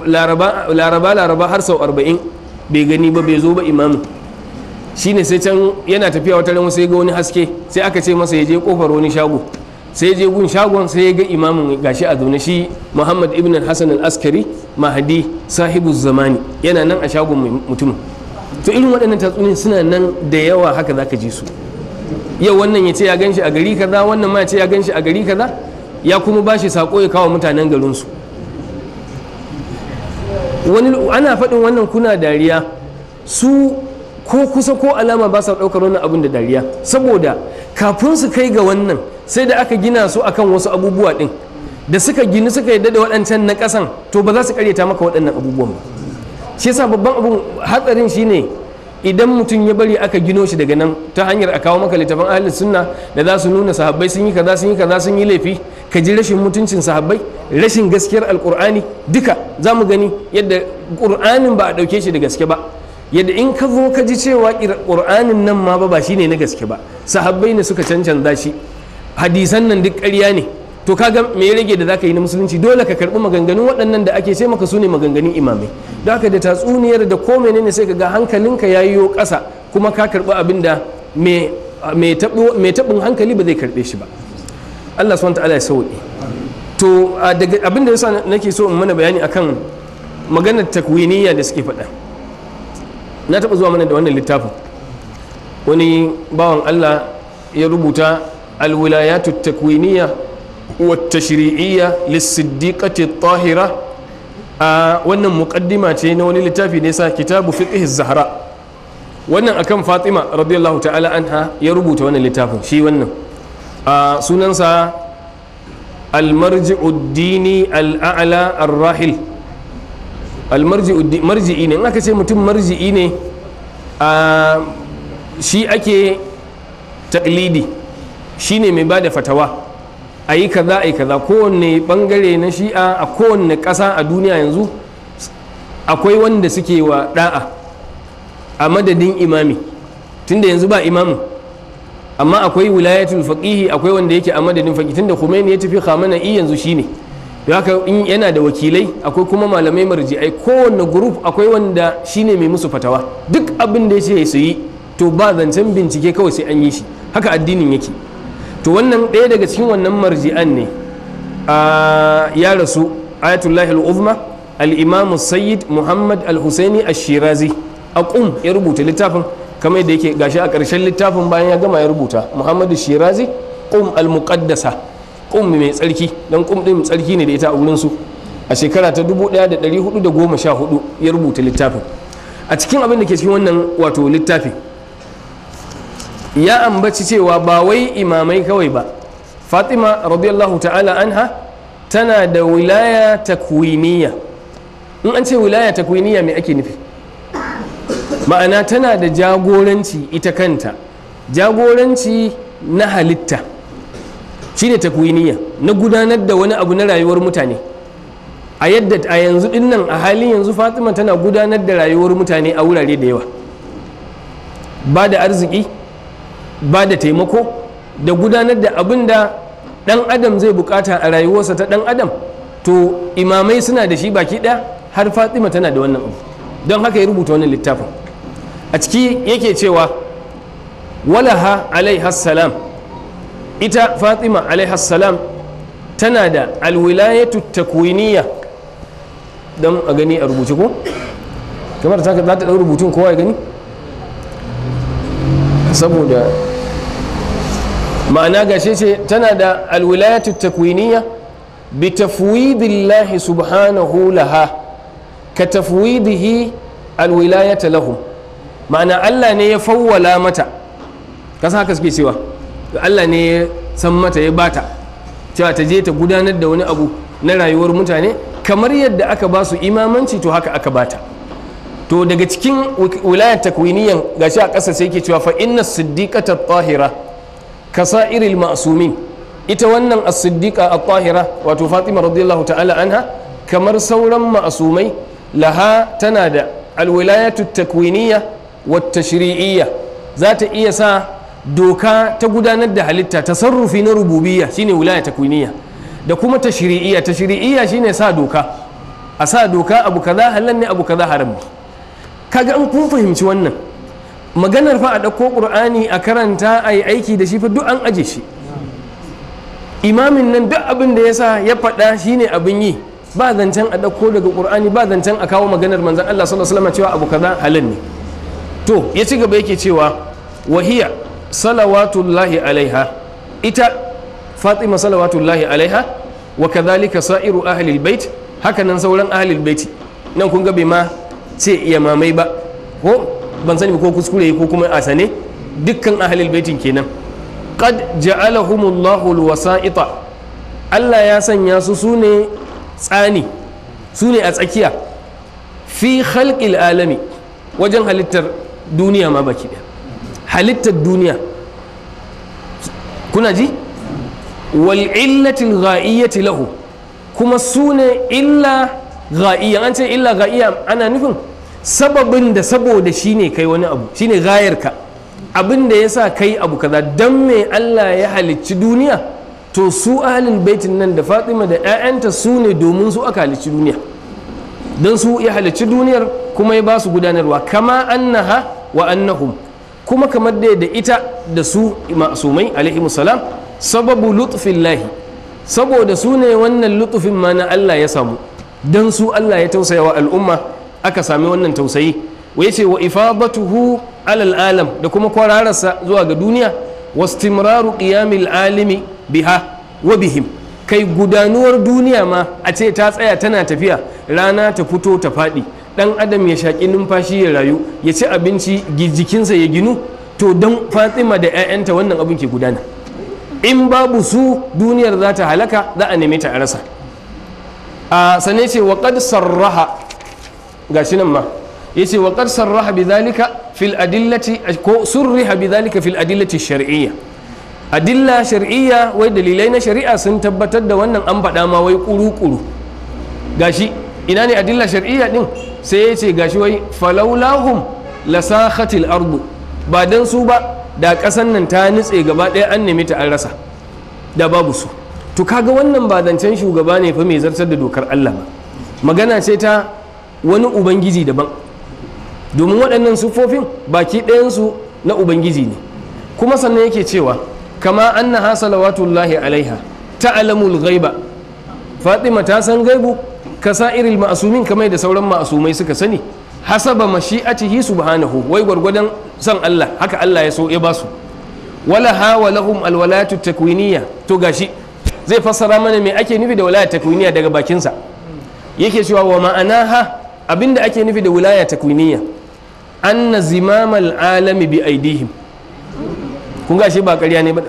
laraba laraba har sau arba'in bai gani ba bai zo ba imamu shine sai can yana tafiya wata ran sai ga wani haske sai aka ce masa ya je kofar wani shago sai je gun shagon sai ya ga imamin gashi a zaune shi muhammad ibn hassan al-askari mahadi sahibu zamani yana nan a shagon mutumin to irin waɗannan tatsuniyoyi suna nan da yawa haka zaka ji su yau wannan ya ce ya ganshi a gari kaza wannan ma ya ce ya ganshi a gari kaza ya kuma bashi sako ya kawo mutanen garin su wani ana faɗin wannan kuna dariya su ko kusa ko alama ba sa ɗaukar wannan abin da dariya saboda kafin su kai ga wannan sai da aka gina su akan wasu abubuwa din da suka gini suka yadda da waɗancan na ƙasan to ba za su karyata maka waɗannan abubuwan ba shi yasa babban abun hatsarin shine idan mutum ya bari aka gino shi daga nan ta hanyar a kawo maka littafin ahalin sunna da za su nuna sahabbai sun yi kaza sun yi kaza sun yi laifi ka ji rashin mutuncin sahabbai rashin gaskiyar alkur'ani duka za mu gani yadda qur'anin ba a ɗauke shi da gaske ba yadda in ka zo ka ji cewa kur'anin nan ma ba ba shine na gaske ba sahabbai ne suka cancanta shi hadisan nan duk ƙarya ne to kaga me ya rage da zaka yi na musulunci dole ka karbi maganganun waɗannan da ake sai maka sune maganganun imamai don haka da tatsuniyar da ko menene sai ka ga hankalinka ya yiwo ƙasa kuma ka karbi abin da mai taɓin hankali ba zai karɓe shi ba Allah subhanahu ta'ala ya sauƙi. to daga abin da yasa nake so in mana bayani akan maganar takwiniyya da suke faɗa na taɓa zuwa mana da wannan littafin wani bawan Allah ya rubuta الولايات التكوينية والتشريعية للصديقة الطاهرة آه وانا مقدمة نوني لتافي نسا كتاب فقه الزهراء وانا أكم فاطمة رضي الله تعالى عنها يربوت وانا لتافي شي وانا آه سننسى المرجع الديني الأعلى الراحل المرجع الديني مرجعي ne in aka ce mutum marji'i ne shi ake taklidi shine mai bada fatawa a yi kaza a yi kaza kowanne bangare na shi'a a kowanne ƙasa a duniya yanzu akwai wanda suke wa da'a a madadin imami tunda yanzu ba imamu amma akwai wilayatul faqihi akwai wanda yake a madadin faqih tunda Khomeini ya tafi i yanzu shine Ya haka in yana da wakilai akwai kuma malamai marji'ai kowanne group akwai wanda shine mai musu fatawa duk abin da ya ce su yi to ba zancen bincike kawai sai an yi shi haka addinin yake to wannan ɗaya daga cikin wannan marji'an ne ya rasu ayatullahi al'uzma al'imamu sayyid muhammad al-husaini shirazi a ƙum ya rubuta littafin kamar da yake gashi a ƙarshen littafin bayan ya gama ya rubuta Muhammadu shirazi ƙum al muƙaddasa ƙum mai tsarki don ƙum ɗin tsarki ne da ita a wurinsu a shekara ta 1414 ya rubuta littafin a cikin abin da ke cikin wannan wato littafin ya ambaci cewa ba wai imamai kawai ba fatima radiyallahu ta'ala anha tana da wilaya takwiniya in an ce wilaya takwiniya me ake nufi ma'ana tana da jagoranci ita kanta jagoranci na halitta ta takwiniya na gudanar da wani abu na rayuwar mutane a yadda a yanzu dinnan a halin yanzu fatima tana gudanar da rayuwar mutane a wurare da yawa ba da arziki ba da taimako da gudanar da abin da ɗan adam zai bukata a rayuwarsa ta ɗan adam to imamai suna da shi baki ɗaya har fatima tana da wannan abu don haka ya rubuta wannan littafin a ciki yake cewa walaha salam ita fatima salam tana da alwilayatu takwiniya don a gani a rubuce ko kamar ta za ta ɗau rubutun kowa ya gani saboda ma'ana gashe ce tana da alwilayatu takwiniya bi tafwidillahi subhanahu laha ka tafwidihi alwilayata lahum ma'ana Allah ne ya fawwala mata kasa haka suke cewa Allah ne ya san mata ya bata cewa ta je ta gudanar da wani abu na rayuwar mutane kamar yadda aka ba su imamanci to haka aka bata to daga cikin wilayar takwiniyan gashi a ƙasa sai ke cewa fa inna siddiqata tahira Kasa irin ma'sumin ita wannan as-siddiqa at-tahira wato fatima radiyallahu ta'ala anha kamar sauran ma'sumai laha tana da alwilayatu takwiniya wa tashri'iyya za ta iya sa doka ta gudanar da halitta ta sarrufi na rububiyya shine wilaya takwiniya da kuma tashri'iyya tashri'iyya shine sa doka a sa doka abu kaza halal ne abu kaza haram ne kaga an kun fahimci wannan maganar fa a ɗauko ƙur'ani a karanta a yi aiki da shi fa duk an aje shi imamin nan duk abin da ya sa ya faɗa shi ne abin yi ba zancen a ɗauko daga ƙur'ani ba zancen a kawo maganar manzan Allah sallallahu alaihi cewa abu kaza halin ne to ya ci gaba yake cewa wahiya salawatullahi alaiha ita fatima salawatullahi alaiha wa kadhalika sa'iru ahlil bait haka nan sauran ahlil baiti nan kun ga bai ma ce iya mamai ba ko ban sani ko kuskure ko kuma a sane dukkan ahlul baitin kenan qad ja'alahumullahu alwasa'ita Allah ya sanya su sune tsani sune a tsakiya fi khalqil alami wajen halittar duniya ma baki daya halittar duniya kuna ji wal illatil gha'iyyati lahu kuma sune illa gha'iyya an ce illa gha'iyya ana nufin sababin da saboda shi ne kai wani abu shi ne gayarka abin da ya sa kai abu kaza don me Allah ya halicci duniya to su ahalin baitin nan da fatima da 'ya'yanta su ne domin su aka halicci duniya don su ya halicci duniyar kuma ya ba su gudanarwa kama annaha wa annahum kuma kamar da da ita da su masumai alaihi salam sababu lahi saboda su ne wannan lutufin ma na Allah ya samu don su Allah ya tausaya wa al'umma aka sami wannan tausayi wa ce wa ifadatuhu alal alam da kuma kwarararsa zuwa ga duniya wa istimraru qiyamil alimi biha wa bihim kai gudanuwar duniya ma a ce ta tsaya tana tafiya rana ta fito ta faɗi ɗan adam ya shaƙi numfashi ya rayu ya ci abinci jikinsa ya ginu to don fatima da 'ya'yanta wannan abin ke gudana in babu su duniyar za ta halaka za a neme ta a rasa a sane ce wa sarraha gashi nan ma wa qad sarraha bidhalika fil adillati ko surriha bidhalika fil adillati shari'iyya adilla shar'iyya wai dalilai na shari'a sun tabbatar da wannan an faɗa ma wai kuru-kuru gashi ina ne adilla shar'iyya din sai yace gashi wai falaulahum lasakhatil ardu ba dan su ba da ƙasan nan ta nutse gaba ɗaya an nemi ta an rasa da babu su to kaga wannan ba zancen shugaba ne fa mai zartar da dokar Allah ba magana ce ta wani ubangiji daban domin waɗannan sufofin baki ɗayansu na ubangiji ne kuma sannan yake cewa kama annaha salawatullahi alaiha ta'lamul ghaiba fatima ta san gaibu irin ma'asumin kamar da sauran ma'asumai suka sani hasaba mashi'atihi subhanahu wai gwargwadon san Allah haka Allah ya so ya basu wala ha wa lahum alwalatu takwiniya to gashi zai fassara mana me ake nufi da walaya takwiniya daga bakinsa yake cewa wa ma'ana ha! abinda ake nufi da wilaya takwiniya na zimamal alami bi aidihim kun ga shi ba ƙarya ne ba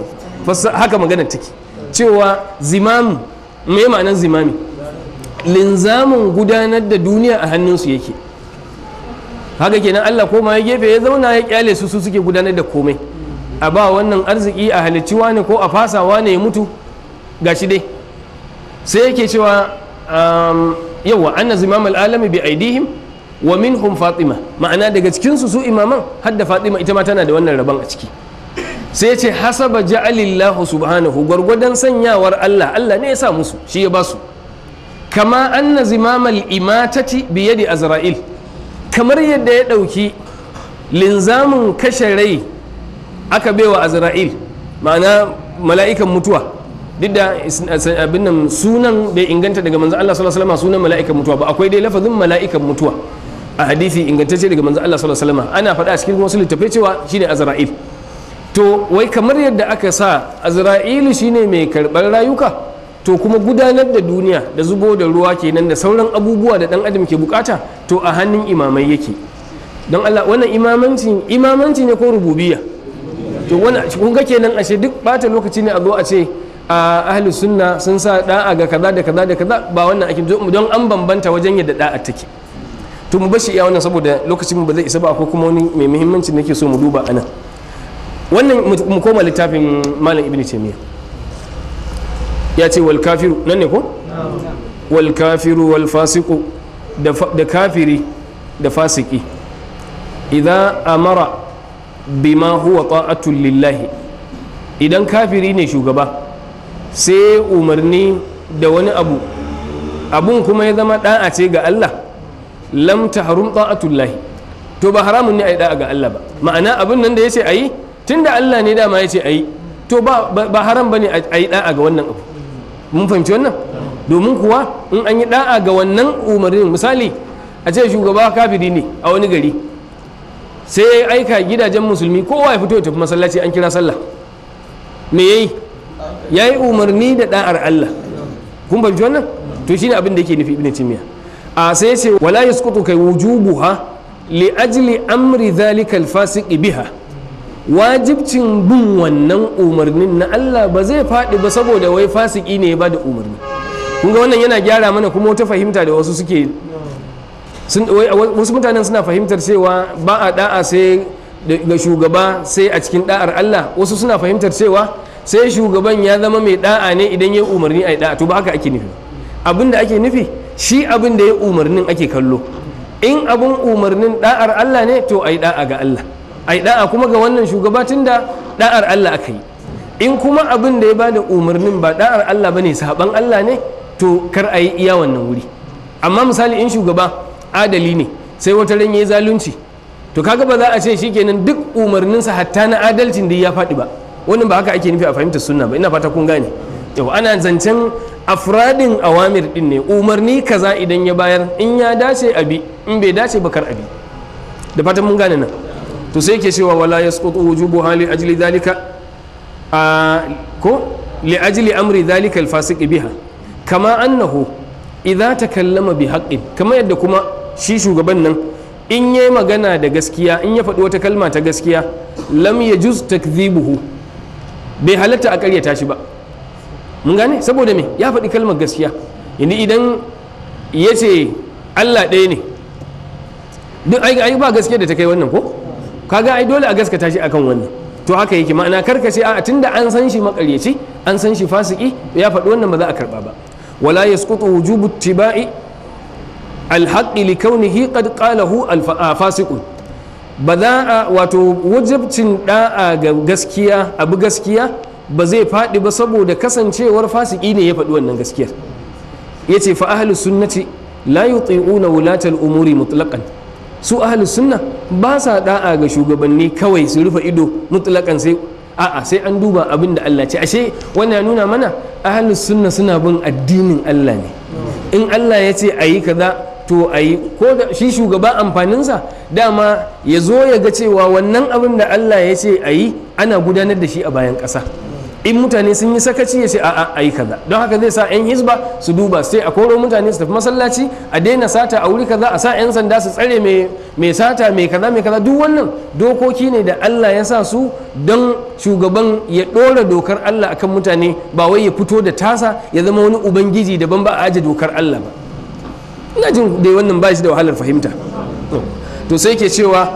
haka magana take cewa zimam me ma'anar zimami linzamin gudanar da duniya a hannunsu yake haka kenan Allah ko ma ya gefe ya zauna ya kyale su su suke gudanar da komai a ba wannan arziki a halicci ne ko a fasawa ne ya mutu gashi dai sai yake cewa um, yawa anna zimam al'alami bi aidihim wa minhum fatima ma'ana daga cikin su su imaman hadda fatima ita ma tana da wannan rabon a ciki sai ce hasaba ja'alillahu subhanahu gwargwadon sanyawar Allah Allah ne ya sa musu shi ya basu kama anna zimamal imatati bi yadi azra'il kamar yadda ya dauki linzamin kashe rai aka baiwa azra'il ma'ana mala'ikan mutuwa duk da abin nan sunan bai inganta daga manzo Allah sallallahu alaihi wasallam sunan mala'ikan mutuwa ba akwai dai lafazin mala'ikan mutuwa a hadisi ingantacce daga manzo Allah sallallahu alaihi wasallam ana faɗa cikin wasu littafai cewa shine azra'il to wai kamar yadda aka sa azra'il shine mai karɓar rayuka to kuma gudanar da duniya da zubo da ruwa kenan da sauran abubuwa da dan adam ke bukata to a hannun imamai yake don Allah wannan imamanci imamanci ne ko rububiyya to wannan kun ga kenan ashe duk bata lokaci ne a zo a ce a ahli sunna sun sa da'a ga kaza da kaza da kaza ba wannan ake don an bambanta wajen yadda da'a take to mu bashi iya wannan saboda lokacin mu ba zai isa ba ko kuma wani mai muhimmanci nake so mu duba anan wannan mu koma littafin malam ibnu taymiya ya ce wal kafiru nan ne ko wal kafiru wal fasiqu da kafiri da fasiki idza amara bima huwa lillahi idan kafiri ne shugaba sai umarni da wani abu abun kuma ya zama da'a ce ga Allah lam tahrum ta'atullahi to ba haramun ne ayi da'a ga Allah ba ma'ana abun nan da ya ce a yi tun da Allah ne dama ya ce a yi to ba ba haram bane ayi da'a ga wannan abu mun fahimci wannan domin kuwa in an yi da'a ga wannan umarnin misali a ce shugaba kafiri ne a wani gari sai ya aika gidajen musulmi kowa ya fito ya tafi masallaci an kira sallah me yayi ya yi umarni da da'ar Allah kun banci wannan to shine abin da yake nufi ibn timiya a sai ce wala yasqutu kai wujubuha li ajli amri zalikal al-fasiq biha wajibcin bin wannan umarnin na Allah ba zai faɗi ba saboda wai fasiki ne ya bada umarni kun wannan yana gyara mana kuma wata fahimta da wasu suke wasu mutanen suna fahimtar cewa ba a da'a sai ga shugaba sai a cikin da'ar Allah wasu suna fahimtar cewa sai shugaban ya zama mai da'a ne idan ya umarni a da'a to ba haka ake nufi abin da ake nufi shi abin da ya umarnin ake kallo in abin umarnin da'ar Allah ne to yi da'a ga Allah yi da'a kuma ga wannan shugaba tun da da'ar Allah aka yi in kuma abin da ya ba da umarnin ba da'ar Allah ba ne, saɓan Allah ne to kar a yi iya wannan wuri amma misali in shugaba adali ne sai wata ran yayi zalunci to kaga ba za a ce shikenan duk umarninsa hatta na adalcin da ya faɗi ba wannan ba haka ake nufi a fahimtar sunna ba ina fata kun gane yau ana zancen afradin awamir din ne umarni kaza idan ya bayar in ya dace abi in bai dace bakar abi da fatan mun gane nan to sai ke cewa wala yasqutu wujubu hali ajli dalika a ko li ajli amri biha kama annahu idza takallama bi haqqin kama yadda kuma shi shugaban nan in yayi magana da gaskiya in ya faɗi wata kalma ta gaskiya lam yajuz takdhibuhu bai halatta a karyata shi ba mun gane saboda me ya faɗi kalmar gaskiya yanzu idan ya ce allah ɗaya ne duk ai ba gaskiya da ta kai wannan ko kaga ai dole a gaskata shi akan wannan to haka yake ma'ana karkashe a tunda an san shi makaryaci an san shi fasiki ya faɗi wannan ba za a karba ba wala yasqutu wujubu tibai alhaqi li ƙadƙalahu qad qalahu ba za a wato wajibcin da'a ga gaskiya abu gaskiya ba zai faɗi ba saboda kasancewar fasiki ne ya faɗi wannan gaskiyar ya ce fa ahalus ce la yuti'una wulatar umuri mutlaƙan su ahalus sunna ba sa da'a ga shugabanni kawai su rufe ido mutlaƙan sai a'a sai an duba abin da Allah ce ashe wannan ya nuna mana ahalus sunna suna bin addinin Allah ne in Allah ya ce a yi kaza to a yi ko da shi shugaba amfaninsa dama ya zo ya ga cewa wannan abin da Allah ya ce a yi ana gudanar da shi a bayan ƙasa in mutane sun yi sakaci ya ce a a yi kaza don haka zai sa 'yan hisba su duba sai a koro mutane su tafi masallaci a daina sata a wuri kaza a sa 'yan sanda su tsare mai sata mai kaza mai kaza duk wannan dokoki ne da Allah ya sa su don shugaban ya ɗora dokar Allah akan mutane ba wai ya fito da tasa ya zama wani ubangiji daban ba a aje dokar Allah ba ina jin dai wannan ba shi da wahalar fahimta to sai ke cewa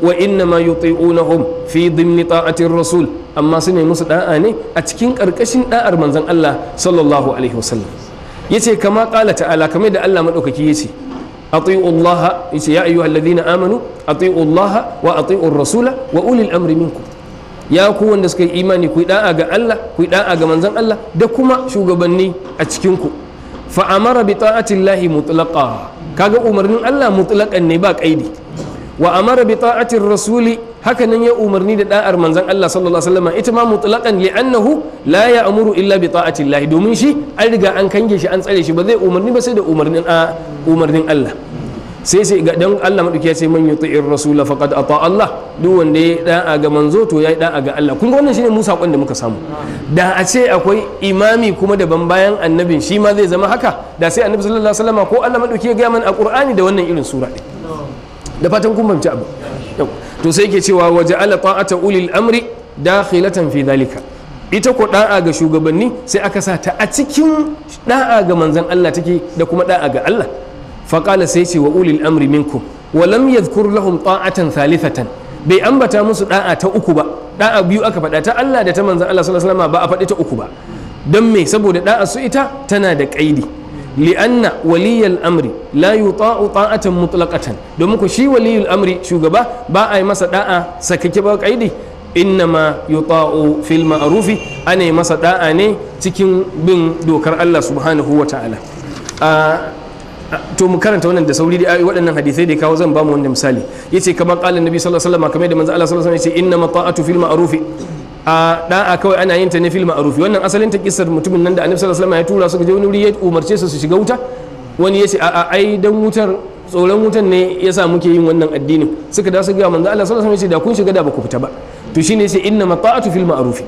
wa inna ma yuti'unahum fi dhimmi ta'atir rasul amma su ne musu da'a ne a cikin karkashin da'ar manzon Allah sallallahu alaihi wasallam yace kama qala ta'ala kamar da Allah madaukaki yace ati'u Allah yace ya ayyuhalladhina amanu ati'u Allah wa ati'u rasula wa ulil amri minkum ya ku wanda suka yi imani ku da'a ga Allah ku da'a ga manzon Allah da kuma shugabanni a cikin ku fa'amara bi bi lahi mutlaqa kaga umarnin Allah mutulakan ne ba kaidi wa amara bi rasuli hakanan ya umarni da ɗa'ar manzan Allah sallallahu alaihi wasallam ita ma mutlaqan li'annahu la ya'muru illa bi lahi. domin shi an riga an kange shi an tsare shi ba zai umarni ba sai da umarnin umarnin Allah sai sai ga dan Allah madauki ya ce man yuti'ir rasul faqad ata Allah duk wanda ya dan a ga manzo to yayi dan a ga Allah kun ga wannan shine mu sakon da muka samu da a ce akwai imami kuma daban bayan annabin shi ma zai zama haka da sai annabi sallallahu alaihi wasallam ko Allah madauki ya ga man a qur'ani da wannan irin sura din da fatan kun bamci abu to sai ke cewa waje ala ta'ata ulil amri dakhilatan fi dhalika ita ko da'a ga shugabanni sai aka sa ta a cikin da'a ga manzon Allah take da kuma da'a ga Allah faƙala sai ce wa ulil amri minkum wa lam yadhkur lahum ta'atan thalithatan bai ambata musu ɗa'a ta uku ba Ɗa'a biyu aka faɗa ta Allah da ta manzon Allah ba a faɗi ta uku ba don me saboda ɗa'a su ita tana da ƙaidi li'anna waliyal amri la yuta'u ta'atan mutlaqatan domin ku shi waliyul amri shugaba ba a yi masa ɗa'a, sakake ba ƙaidi innama yuta'u fil ma'rufi ana yi masa ɗa'a ne cikin bin dokar Allah subhanahu wa ta'ala ah, to mu karanta wannan da sauri da waɗannan hadisai da kawo zan ba mu wannan misali yace kamar qala annabi sallallahu alaihi wasallam kamar da manzo Allah sallallahu alaihi wasallam yace inna mata'atu fil ma'ruf a da'a kawai ana yin ta ne fil ma'ruf wannan asalin ta kissar mutumin nan da annabi sallallahu alaihi wasallam ya tura su ga wani wuri ya umarce su su shiga wuta wani yace a'a ai dan wutar tsoron wutan ne yasa muke yin wannan addinin suka da su ga manzo Allah sallallahu alaihi wasallam yace da kun shiga da ba ku fita ba to shine yace inna mata'atu fil ma'ruf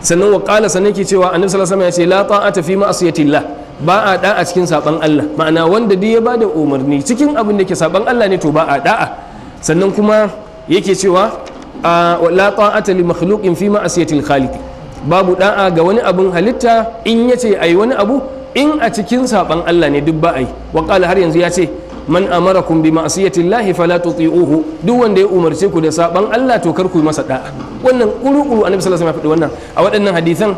sannan wa qala sannan ke cewa annabi sallallahu alaihi wasallam yace la ta'ata fi ma'asiyatillah ba a da'a cikin saban Allah ma'ana wanda duk ya ba da umarni cikin abin da ke saban Allah ne to ba a da'a sannan kuma yake cewa a la ta'ata li makhluqin fi ma'asiyatil khaliq babu da'a ga wani abun halitta in yace ayi wani abu in a cikin saban Allah ne duk ba ai wa qala har yanzu ya ce man amarakum bi ma'siyati Allah fala tuti'uhu duk wanda ya umarce ku da saban Allah to kar ku yi masa da'a wannan kuru-kuru annabi sallallahu alaihi wasallam ya faɗi wannan a waɗannan hadisan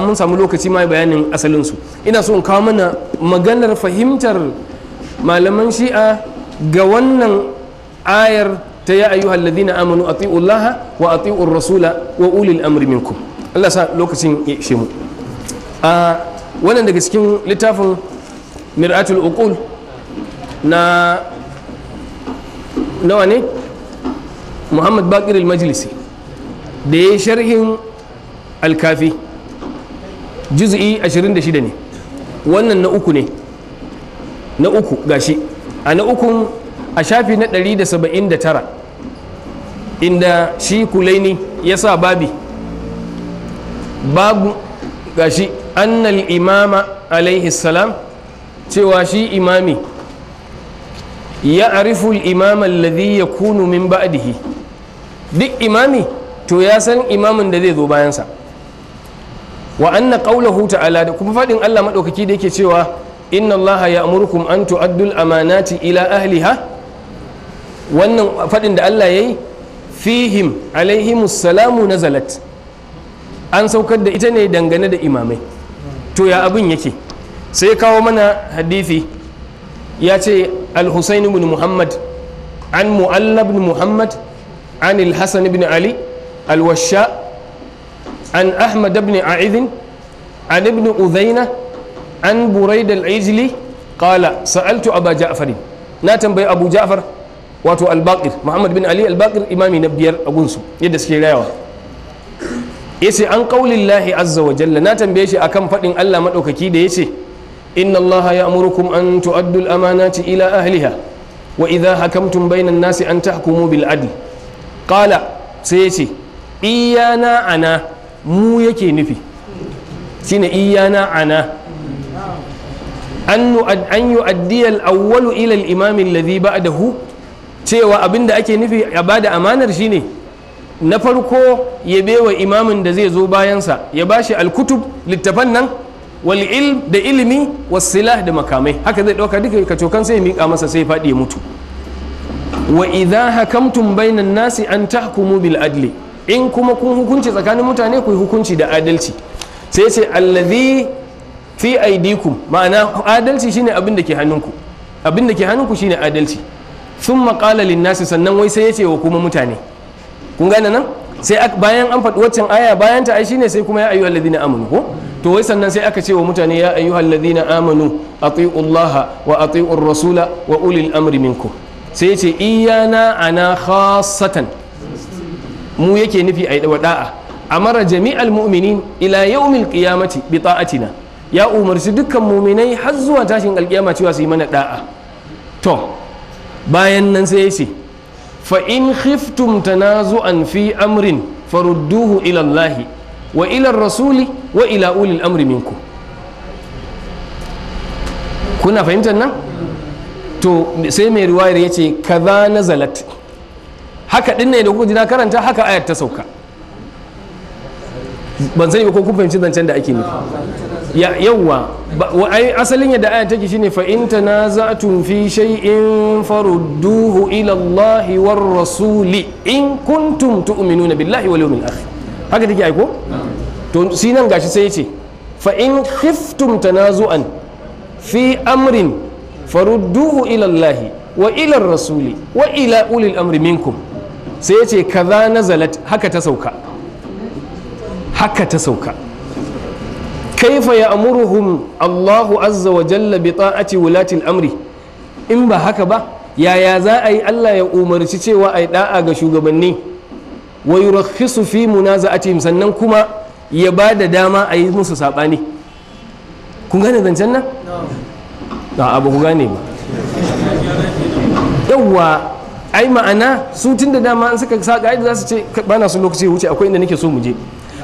mun samu lokaci mai bayanin asalin su ina so in kawo mana maganar fahimtar malaman shi'a ga wannan ayar ta ya ayyuhal ladina amanu ati'u Allah wa ati'u rasula wa ulil amri minkum Allah sa lokacin ya ishe mu a wannan daga cikin littafin mir'atul uqul na nawa ne muhammad bakir al-majlisi da ya yi sharhin alkafi juz'i 26 ne wannan na uku ne na uku gashi a na uku a shafi na 179 inda shi kulaini ya sa babi babu gashi annal imama alaihi salam cewa shi imami ya'rifu al-imam alladhi yakunu min ba'dihi duk imami to ya san imamin da zai zo bayansa wa anna qawluhu ta'ala da kuma fadin Allah madaukaki da yake cewa inna Allah ya'murukum an tu'addu al-amanati ila ahliha wannan fadin da Allah yayi fihim alaihimus salamu nazalat an saukar da ita ne dangane da imamai to ya abin yake sai kawo mana hadisi ya ce al-husayn ibn muhammad an mu'allab ibn muhammad an al-hasan ibn ali al-washa an ahmad ibn a'idh an ibn udhayna an buraid al-ijli qala sa'altu aba ja'far na tambayi abu ja'far wato al-baqir muhammad bin ali al-baqir imami na biyar a gunsu yadda suke rayawa yace an qaulillahi azza wa jalla na tambaye shi akan fadin Allah madaukaki da yace إن الله يأمركم أن تؤدوا الأمانات إلى أهلها وإذا حكمتم بين الناس أن تحكموا بالعدل قال سيتي إيانا أنا مو يكي نفي سين إيانا أنا أن أن يؤدي الأول إلى الإمام الذي بعده cewa abin da ake nufi a bada amanar shine na farko ya bewa imamin da zai zo bayansa ya bashi alkutub littafan nan Wali ilm da ilimi was da makamai haka zai ɗauka duka ka cokan sai miƙa masa sai faɗi ya mutu wa idha hakamtum bainan nasi an tahkumu bil adli in kuma kun hukunci tsakanin mutane ku hukunci da adalci sai sai allazi fi aidikum ma'ana adalci shine abin da ke hannunku abin da ke hannunku shine adalci sun maƙala linnasi sannan wai sai ya ce wa kuma mutane kun gane nan sai bayan an faɗi waccan aya bayan ta ai shine sai kuma ya ayyuhal ladina amanu ko to wai sannan sai aka ce wa mutane ya ayyuhal ladina amanu ati'u Allah wa ati'u rasula wa ulil amri sai ya ce iyana ana khassatan mu yake nufi a wa da'a amara jami'al mu'minin ila yawmil qiyamati bi ta'atina ya umarci dukkan mu'minai har zuwa tashin alkiyama cewa su yi mana da'a to bayan nan sai ya ce fa in khiftum tanazu'an fi amrin farudduhu ila Allah wa'ilar rasuli wa ila ulil amri minku kuna fahimtar nan to sai mai riwayar ya ce kaza na zalat haka din ne da kuka na karanta haka ayat ta sauka ban sani ba ko kun fahimci zancen da ake nufi yawwa asalin yadda ayat take shine fa in tanaza'tum fi shay'in farudduhu ila Allah war rasuli in kuntum tu'minuna billahi wal yawmil akhir haka take aiko to shi nan gashi sai ya ce fa in khiftum tanazu'an fi amrin farudduhu ila Allah wa ila rasuli wa ila ulil amri minkum sai ya ce kaza nazalat haka ta sauka haka ta sauka kaifa ya amuruhum Allahu azza wa jalla bi ta'ati wulatil amri in ba haka ba yaya za a yi Allah ya umarci cewa a yi da'a ga shugabanni wa yurakhisu fi munaza'atihim sannan kuma ya ba da dama a yi musu saɓani kun gane zancen nan a abu ku gane ba yawwa ai ma'ana su tun da dama an suka sa ka'ida za su ce ba na su lokaci wuce akwai inda nake so mu je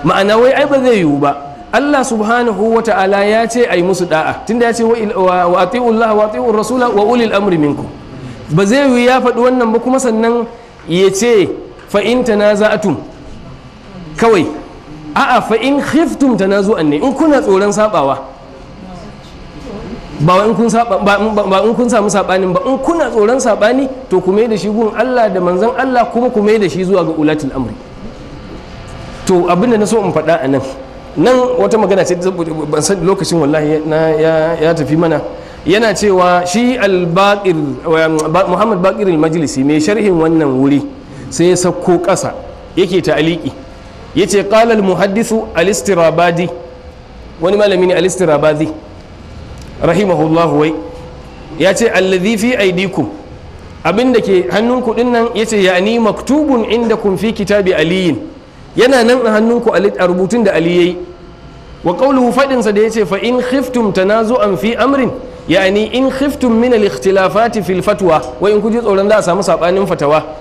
ma'ana wai ai ba zai yiwu ba Allah subhanahu wa ta'ala ya ce a yi musu da'a tunda ya ce wa ati'ullah wa ati'ur rasula wa ulil amri minku. ba zai yiwu ya faɗi wannan ba kuma sannan ya ce fa in tanaza'tum kawai a'a fa ta na zuwan ne in kuna tsoron saɓawa ba in kun samu sabanin ba in kuna tsoron saɓani to kuma mai da shi gun Allah da manzan Allah kuma kuma mai da shi zuwa ga ulatul amri to abinda na so in faɗa a nan nan wata magana ce ban san lokacin wallahi ya tafi mana yana cewa shi al-baqir Muhammad Baqir al-Majlisi mai sharhin wannan wuri sai ya sauko ƙasa yake aliki ya ce al-muhaddisu al-istirabadi wani malami ne al rahimahullahu wai yace alladhi fi aydikum abin da ke hannun kuɗin nan yace ya'ni maktubun kun fi kitabi aliyin yana nan a ku a rubutun da ali yayi wa qawluhu fadinsa da ce fa in khiftum tanazu'an fi amrin ya'ni in khiftum min al-ikhtilafati fil fatwa wa in kuji tsoron za a samu saɓanin fatawa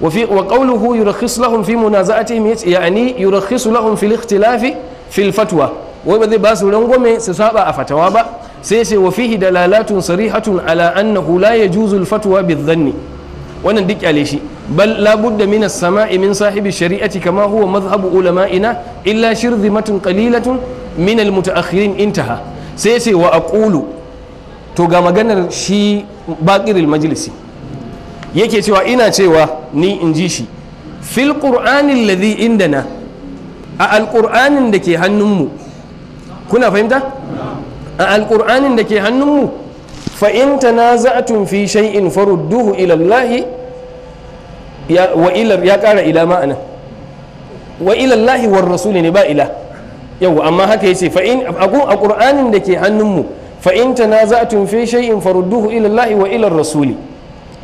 وفي وقوله يرخص لهم في منازعتهم يعني يرخص لهم في الاختلاف في الفتوى وبذي باس رنغومي سسابا أفتوابا سيسي وفيه دلالات صريحة على أنه لا يجوز الفتوى بالظن wannan duk kyale shi bal labudda min as-sama'i min sahibi shari'ati kama huwa ulama ina illa shirzimatun qalilatun minal al-mutaakhirin intaha sai sai wa to ga maganar shi baqiril majlisi yake cewa ina cewa ni in ji shi fil qur'anin ladhi indana a alqur'anin da ke hannunmu kuna fahimta a alqur'anin da ke hannunmu fa in tanaza'tum fi shay'in farudduhu ila Allah ya wa ila ya kara ila ma'ana wa ila Allah war rasul ne ba ila yau amma haka yace fa in a qur'anin da ke hannunmu fa in tanaza'tum fi shay'in farudduhu ila Allah wa ila rasuli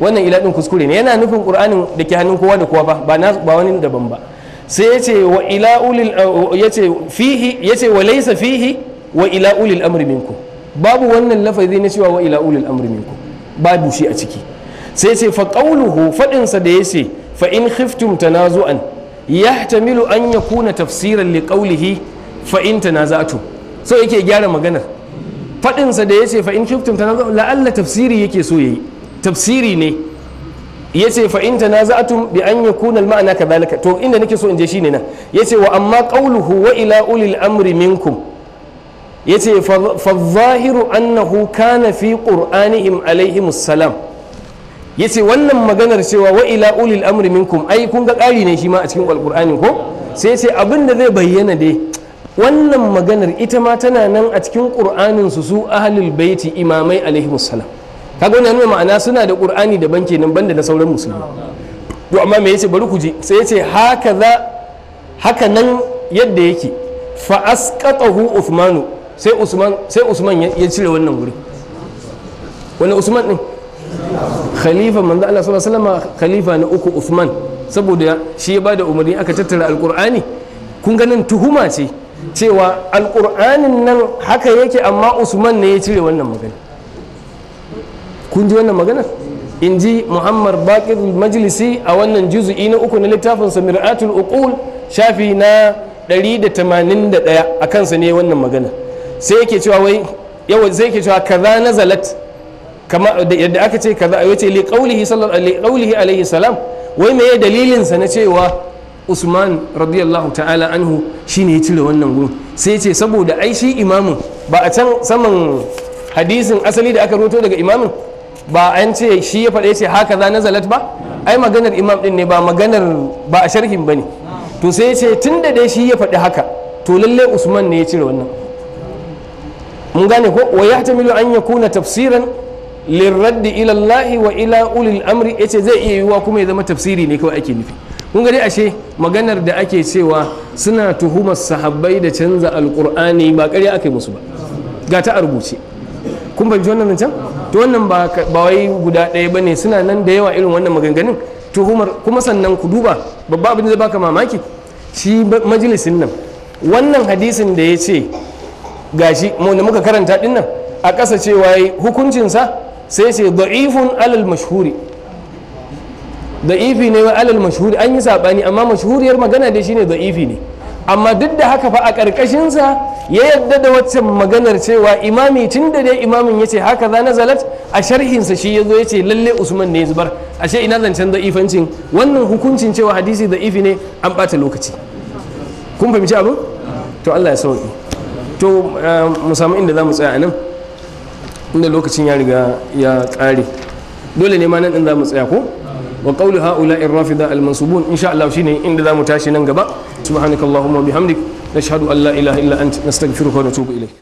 wannan ila din kuskure ne yana nufin qur'anin da ke hannun kowa da kowa ba ba ba wani daban ba sai yace wa ila ulil yace fihi yace wa laysa fihi wa ila ulil amri minkum babu wannan lafazi na cewa wa ila ulil amri minkum babu shi a ciki sai yace fa qawluhu fadin sa da yace fa in khiftum tanazu'an yahtamilu an yakuna tafsiran li qawlihi fa in tanaza'tum so yake gyara maganar fadin sa da yace fa in khiftum tanazu'an la'alla tafsiri yake so yayi tafsiri ne yace fa in tanaza'tum bi an yakuna al-ma'na kadhalika to inda nake so in je shine nan yace wa amma ƙauluhu wa ila ulil amri minkum yace fa zahiru annahu kana fi qur'anihim alaihimus salam ce wannan maganar cewa wa ila ulil amri minkum ai kun ga ƙari ne shi ma a cikin Alƙur'ani ko sai ce abin da zai bayyana dai wannan maganar ita ma tana nan a cikin qur'anin su su ahlul baiti imamai alaihimus salam kaga wannan nuna ma'ana suna da qur'ani daban kenan banda na sauran musulmi to amma me yace bari ku je sai yace haka za haka nan yadda yake fa asqatahu usmanu sai usman sai usman ya cire wannan guri wani usman din khalifa manzo Allah sallallahu alaihi wasallam khalifa na uku usman saboda shi ya bada umarni aka tattara alqur'ani kun ganin tuhuma ce cewa alƙur'anin nan haka yake amma usman ne ya cire wannan magana kun ji wannan maganar in ji muhammad bakir majlisi a wannan juzu'i na uku na littafin samir'atul uqul shafi na 181 a kansa ne wannan magana sai yake cewa wai yau sai yake cewa kaza nazalat kama yadda aka ce kaza yace li qawlihi sallallahu alaihi salam wai meye dalilin sa na cewa usman radiyallahu ta'ala anhu shine ya cire wannan gun sai yace saboda ai shi imamin ba a can saman hadisin asali da aka roto daga imamin ba an ce shi ya faɗe ce haka za nazalat ba ai maganar imam din ne ba maganar ba a sharhin ba ne. to sai ya ce tun da dai shi ya faɗi haka to lalle usman ne ya cire wannan mun gane ko wa yahtamilu an yakuna tafsiran lirraddi ilallahi wa ila ulil amri yace zai iya yiwuwa kuma ya zama tafsiri ne kawai ake nufi kun gani ashe maganar da ake cewa suna tuhumar sahabbai da canza alqur'ani ba ƙarya ake musu ba ga ta a rubuce kun fahimci wannan zancen to wannan ba wai guda ɗaya ba ne suna nan da yawa irin wannan maganganun tuhumar kuma sannan ku duba babba abin da baka mamaki shi majalisin nan wannan hadisin da ya ce gashi da muka karanta din nan a ƙasa cewa hukuncinsa sai ce da'ifun alal mashhuri da'ifi ne wa alal mashhuri an yi saɓani amma mashhuriyar magana dai shine da'ifi ne amma duk da haka fa a ƙarƙashinsa ya yadda da waccan maganar cewa imami tun da dai imamin ya ce haka za na zalat a sharhinsa shi ya zo ya ce lalle usman ne ya zubar ashe ina zancen ifancin wannan hukuncin cewa hadisi ifi ne an ɓata lokaci kun fahimci abu to allah ya sauki to eh, mu samu inda za mu tsaya anan nan inda lokacin ya riga ya ƙare dole ne ma nan ɗin za mu tsaya ko wa haula ha'ula'i ar-rafida al-mansubun insha Allah shine inda zamu tashi nan gaba subhanakallahumma bihamdik nashhadu an la ilaha illa anta nastaghfiruka wa natubu ilayk